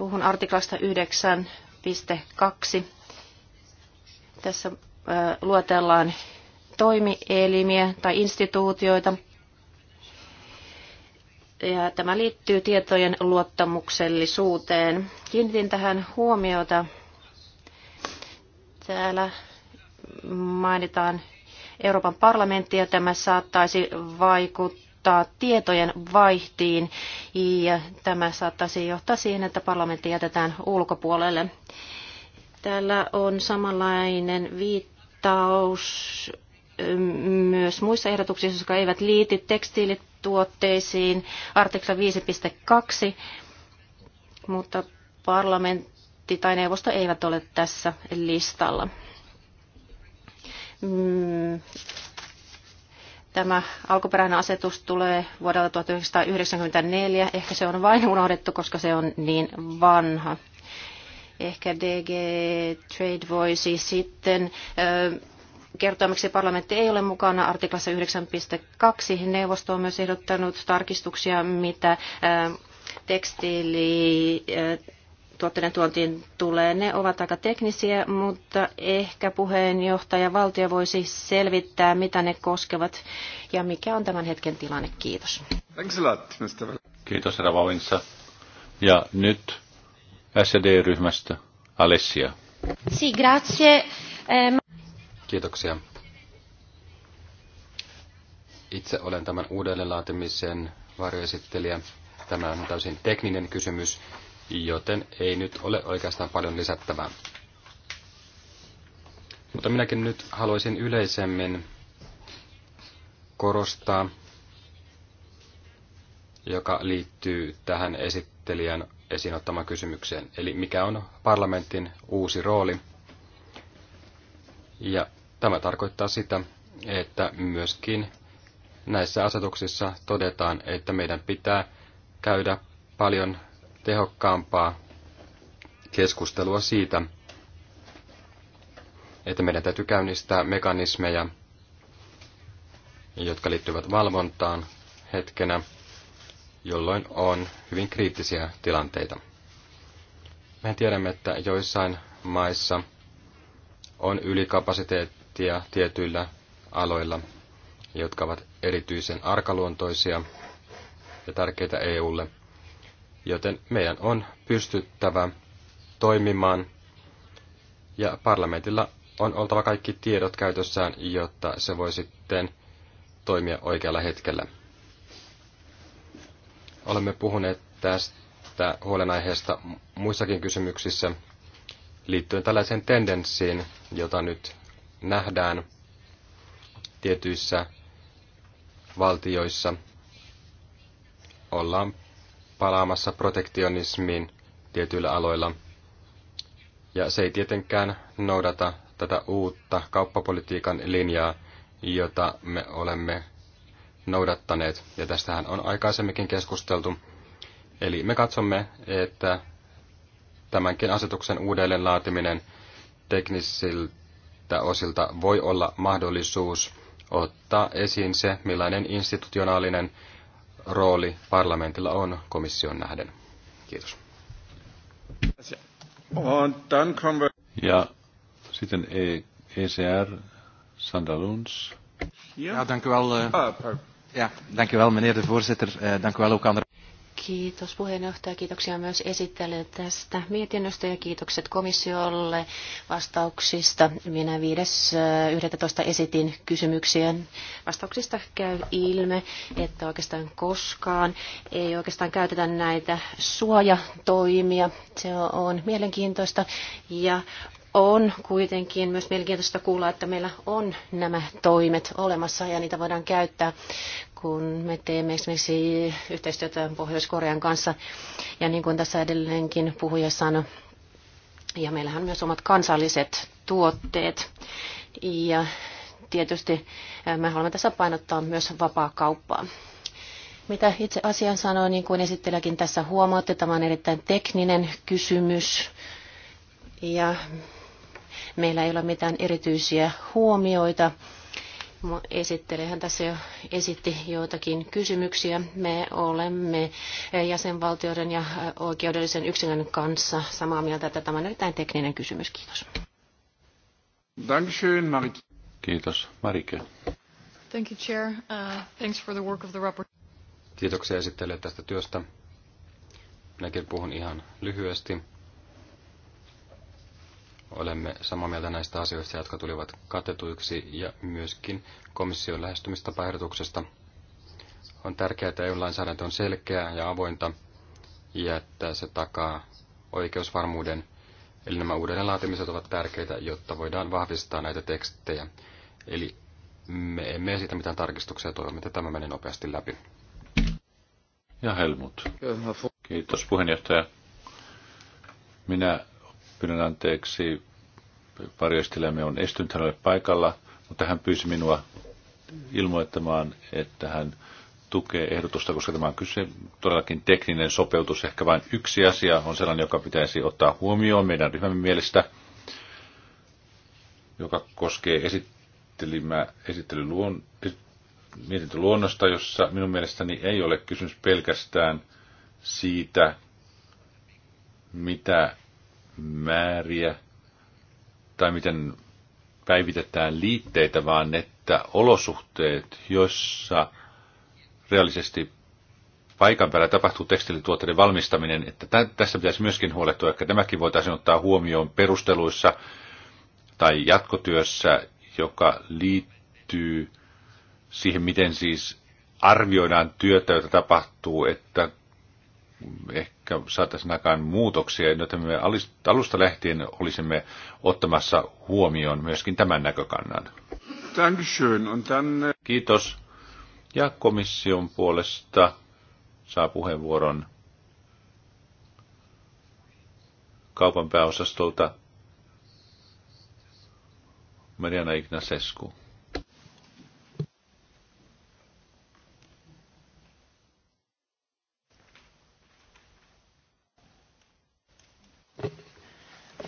Puhun artiklasta 9.2. Tässä luotellaan toimielimiä tai instituutioita. Ja tämä liittyy tietojen luottamuksellisuuteen. Kiinnitin tähän huomiota. Täällä mainitaan Euroopan parlamentti ja tämä saattaisi vaikuttaa vaikuttaa tietojen vaihtiin ja tämä saattaisi johtaa siihen, että parlamentti jätetään ulkopuolelle. Täällä on samanlainen viittaus mm, myös muissa ehdotuksissa, jotka eivät liity tekstiilituotteisiin, artikla 5.2, mutta parlamentti tai neuvosto eivät ole tässä listalla. Mm, Tämä alkuperäinen asetus tulee vuodelta 1994. Ehkä se on vain unohdettu, koska se on niin vanha. Ehkä DG Trade voisi sitten kertoa, miksi parlamentti ei ole mukana. Artiklassa 9.2 neuvosto on myös ehdottanut tarkistuksia, mitä tekstiili tuotteiden tuontiin tulee. Ne ovat aika teknisiä, mutta ehkä puheenjohtaja valtio voisi selvittää, mitä ne koskevat ja mikä on tämän hetken tilanne. Kiitos. Kiitos, herra Valinsa. Ja nyt sed ryhmästä Alessia. Si, grazie. Ehm, Kiitoksia. Itse olen tämän uudelleenlaatimisen varjoesittelijä. Tämä on täysin tekninen kysymys joten ei nyt ole oikeastaan paljon lisättävää. Mutta minäkin nyt haluaisin yleisemmin korostaa, joka liittyy tähän esittelijän esiin ottamaan kysymykseen. Eli mikä on parlamentin uusi rooli? Ja tämä tarkoittaa sitä, että myöskin näissä asetuksissa todetaan, että meidän pitää käydä paljon tehokkaampaa keskustelua siitä, että meidän täytyy käynnistää mekanismeja, jotka liittyvät valvontaan hetkenä, jolloin on hyvin kriittisiä tilanteita. Me tiedämme, että joissain maissa on ylikapasiteettia tietyillä aloilla, jotka ovat erityisen arkaluontoisia ja tärkeitä EUlle – Joten meidän on pystyttävä toimimaan ja parlamentilla on oltava kaikki tiedot käytössään, jotta se voi sitten toimia oikealla hetkellä. Olemme puhuneet tästä huolenaiheesta muissakin kysymyksissä liittyen tällaiseen tendenssiin, jota nyt nähdään tietyissä valtioissa. Ollaan palaamassa protektionismiin tietyillä aloilla. Ja se ei tietenkään noudata tätä uutta kauppapolitiikan linjaa, jota me olemme noudattaneet. Ja tästähän on aikaisemminkin keskusteltu. Eli me katsomme, että tämänkin asetuksen uudelleen laatiminen teknisiltä osilta voi olla mahdollisuus ottaa esiin se, millainen institutionaalinen rooli parlamentilla on komission nähden. Kiitos. Ja sitten ECR, e Sandra Luns. Ja, dank u wel. Eh. Ah, ja, dank u wel meneer de voorzitter. Eh, dank u wel ook aan de... Kiitos puheenjohtaja, kiitoksia myös esittelyä tästä mietinnöstä ja kiitokset komissiolle vastauksista. Minä 5.11. esitin kysymyksiä. Vastauksista käy ilme, että oikeastaan koskaan ei oikeastaan käytetä näitä suojatoimia. Se on mielenkiintoista ja on kuitenkin myös mielenkiintoista kuulla, että meillä on nämä toimet olemassa ja niitä voidaan käyttää, kun me teemme esimerkiksi yhteistyötä Pohjois-Korean kanssa. Ja niin kuin tässä edelleenkin puhuja sanoi, ja meillähän on myös omat kansalliset tuotteet. Ja tietysti me haluamme tässä painottaa myös vapaa kauppaa. Mitä itse asian sanoin, niin kuin esittelijäkin tässä huomaatte, tämä on erittäin tekninen kysymys. Ja Meillä ei ole mitään erityisiä huomioita. hän tässä jo esitti joitakin kysymyksiä. Me olemme e, jäsenvaltioiden ja e, oikeudellisen yksilön kanssa samaa mieltä, että tämä on erittäin tekninen kysymys. Kiitos. Dankeschön, Marike. Kiitos, Marike. Thank you, Chair. Uh, thanks for the work of the report. Kiitoksia esittelijä tästä työstä. Minäkin puhun ihan lyhyesti olemme samaa mieltä näistä asioista, jotka tulivat katetuiksi, ja myöskin komission lähestymistapaehdotuksesta. On tärkeää, että EU-lainsäädäntö on selkeää ja avointa, ja että se takaa oikeusvarmuuden. Eli nämä uudelleen laatimiset ovat tärkeitä, jotta voidaan vahvistaa näitä tekstejä. Eli me emme esitä mitään tarkistuksia, toivomme, että tämä menee nopeasti läpi. Ja Helmut. Kiitos puheenjohtaja. Minä Pyydän anteeksi, varjoistelijamme on estynyt hänelle paikalla, mutta hän pyysi minua ilmoittamaan, että hän tukee ehdotusta, koska tämä on kyse todellakin tekninen sopeutus. Ehkä vain yksi asia on sellainen, joka pitäisi ottaa huomioon meidän ryhmämme mielestä, joka koskee esittelimä, esittelyluon, mietintöluonnosta, jossa minun mielestäni ei ole kysymys pelkästään siitä, mitä määriä tai miten päivitetään liitteitä, vaan että olosuhteet, joissa reaalisesti paikan päällä tapahtuu tekstilituotteiden valmistaminen, että tästä pitäisi myöskin huolehtua, että tämäkin voitaisiin ottaa huomioon perusteluissa tai jatkotyössä, joka liittyy siihen, miten siis arvioidaan työtä, jota tapahtuu, että ehkä saataisiin aikaan muutoksia, joita me alusta lähtien olisimme ottamassa huomioon myöskin tämän näkökannan. Äh, Kiitos. Ja komission puolesta saa puheenvuoron kaupan pääosastolta Mariana Ignasescu.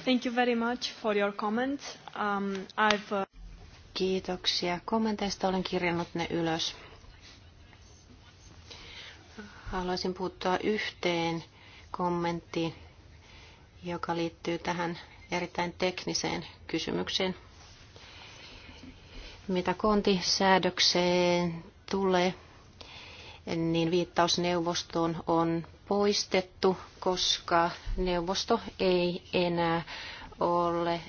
Thank you very much for your Um, I've, uh... Kiitoksia kommenteista. Olen kirjannut ne ylös. Haluaisin puuttua yhteen kommenttiin, joka liittyy tähän erittäin tekniseen kysymykseen. Mitä kontisäädökseen tulee, niin viittaus on poistettu, koska neuvosto ei enää ole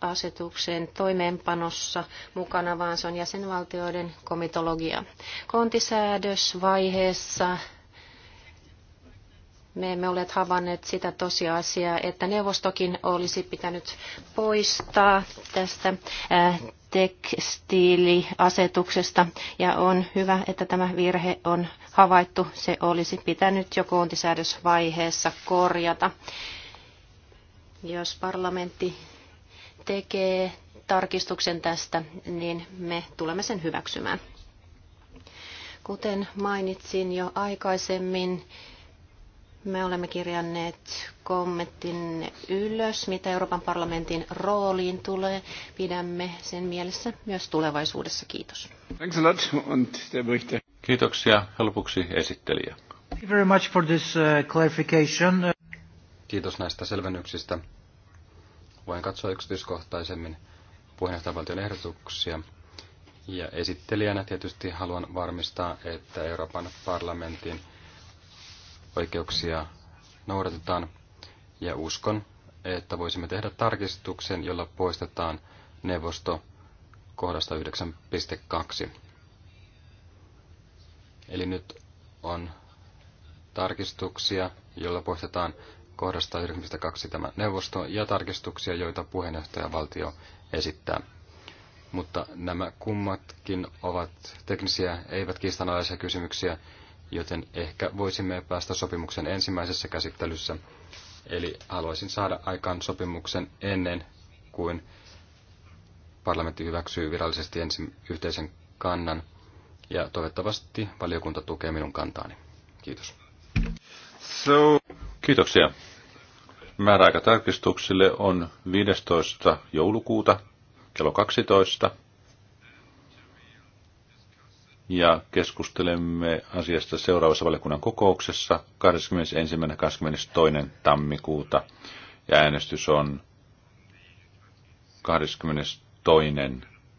asetuksen toimeenpanossa mukana, vaan se on jäsenvaltioiden komitologia. Kontisäädösvaiheessa me emme ole havainneet sitä tosiasiaa, että neuvostokin olisi pitänyt poistaa tästä tekstiiliasetuksesta ja on hyvä, että tämä virhe on havaittu. Se olisi pitänyt jo koontisäädösvaiheessa korjata. Jos parlamentti tekee tarkistuksen tästä, niin me tulemme sen hyväksymään. Kuten mainitsin jo aikaisemmin, me olemme kirjanneet kommentin ylös, mitä Euroopan parlamentin rooliin tulee. Pidämme sen mielessä myös tulevaisuudessa. Kiitos. Kiitoksia. Helpoksi esittelijä. very much for this uh, clarification. Kiitos näistä selvennyksistä. Voin katsoa yksityiskohtaisemmin puheenjohtajavaltion ehdotuksia. Ja esittelijänä tietysti haluan varmistaa, että Euroopan parlamentin – oikeuksia noudatetaan. Ja uskon, että voisimme tehdä tarkistuksen, jolla poistetaan neuvosto kohdasta 9.2. Eli nyt on tarkistuksia, joilla poistetaan kohdasta 9.2 tämä neuvosto ja tarkistuksia, joita puheenjohtaja valtio esittää. Mutta nämä kummatkin ovat teknisiä, eivät kiistanalaisia kysymyksiä, joten ehkä voisimme päästä sopimuksen ensimmäisessä käsittelyssä. Eli haluaisin saada aikaan sopimuksen ennen kuin parlamentti hyväksyy virallisesti ensin yhteisen kannan. Ja toivottavasti valiokunta tukee minun kantaani. Kiitos. So. Kiitoksia. Määräaika tarkistuksille on 15. joulukuuta kello 12 ja keskustelemme asiasta seuraavassa valiokunnan kokouksessa 21.–22. tammikuuta ja äänestys on 22.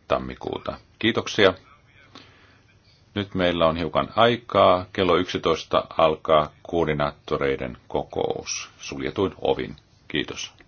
tammikuuta. Kiitoksia. Nyt meillä on hiukan aikaa. Kello 11 alkaa koordinaattoreiden kokous suljetuin ovin. Kiitos.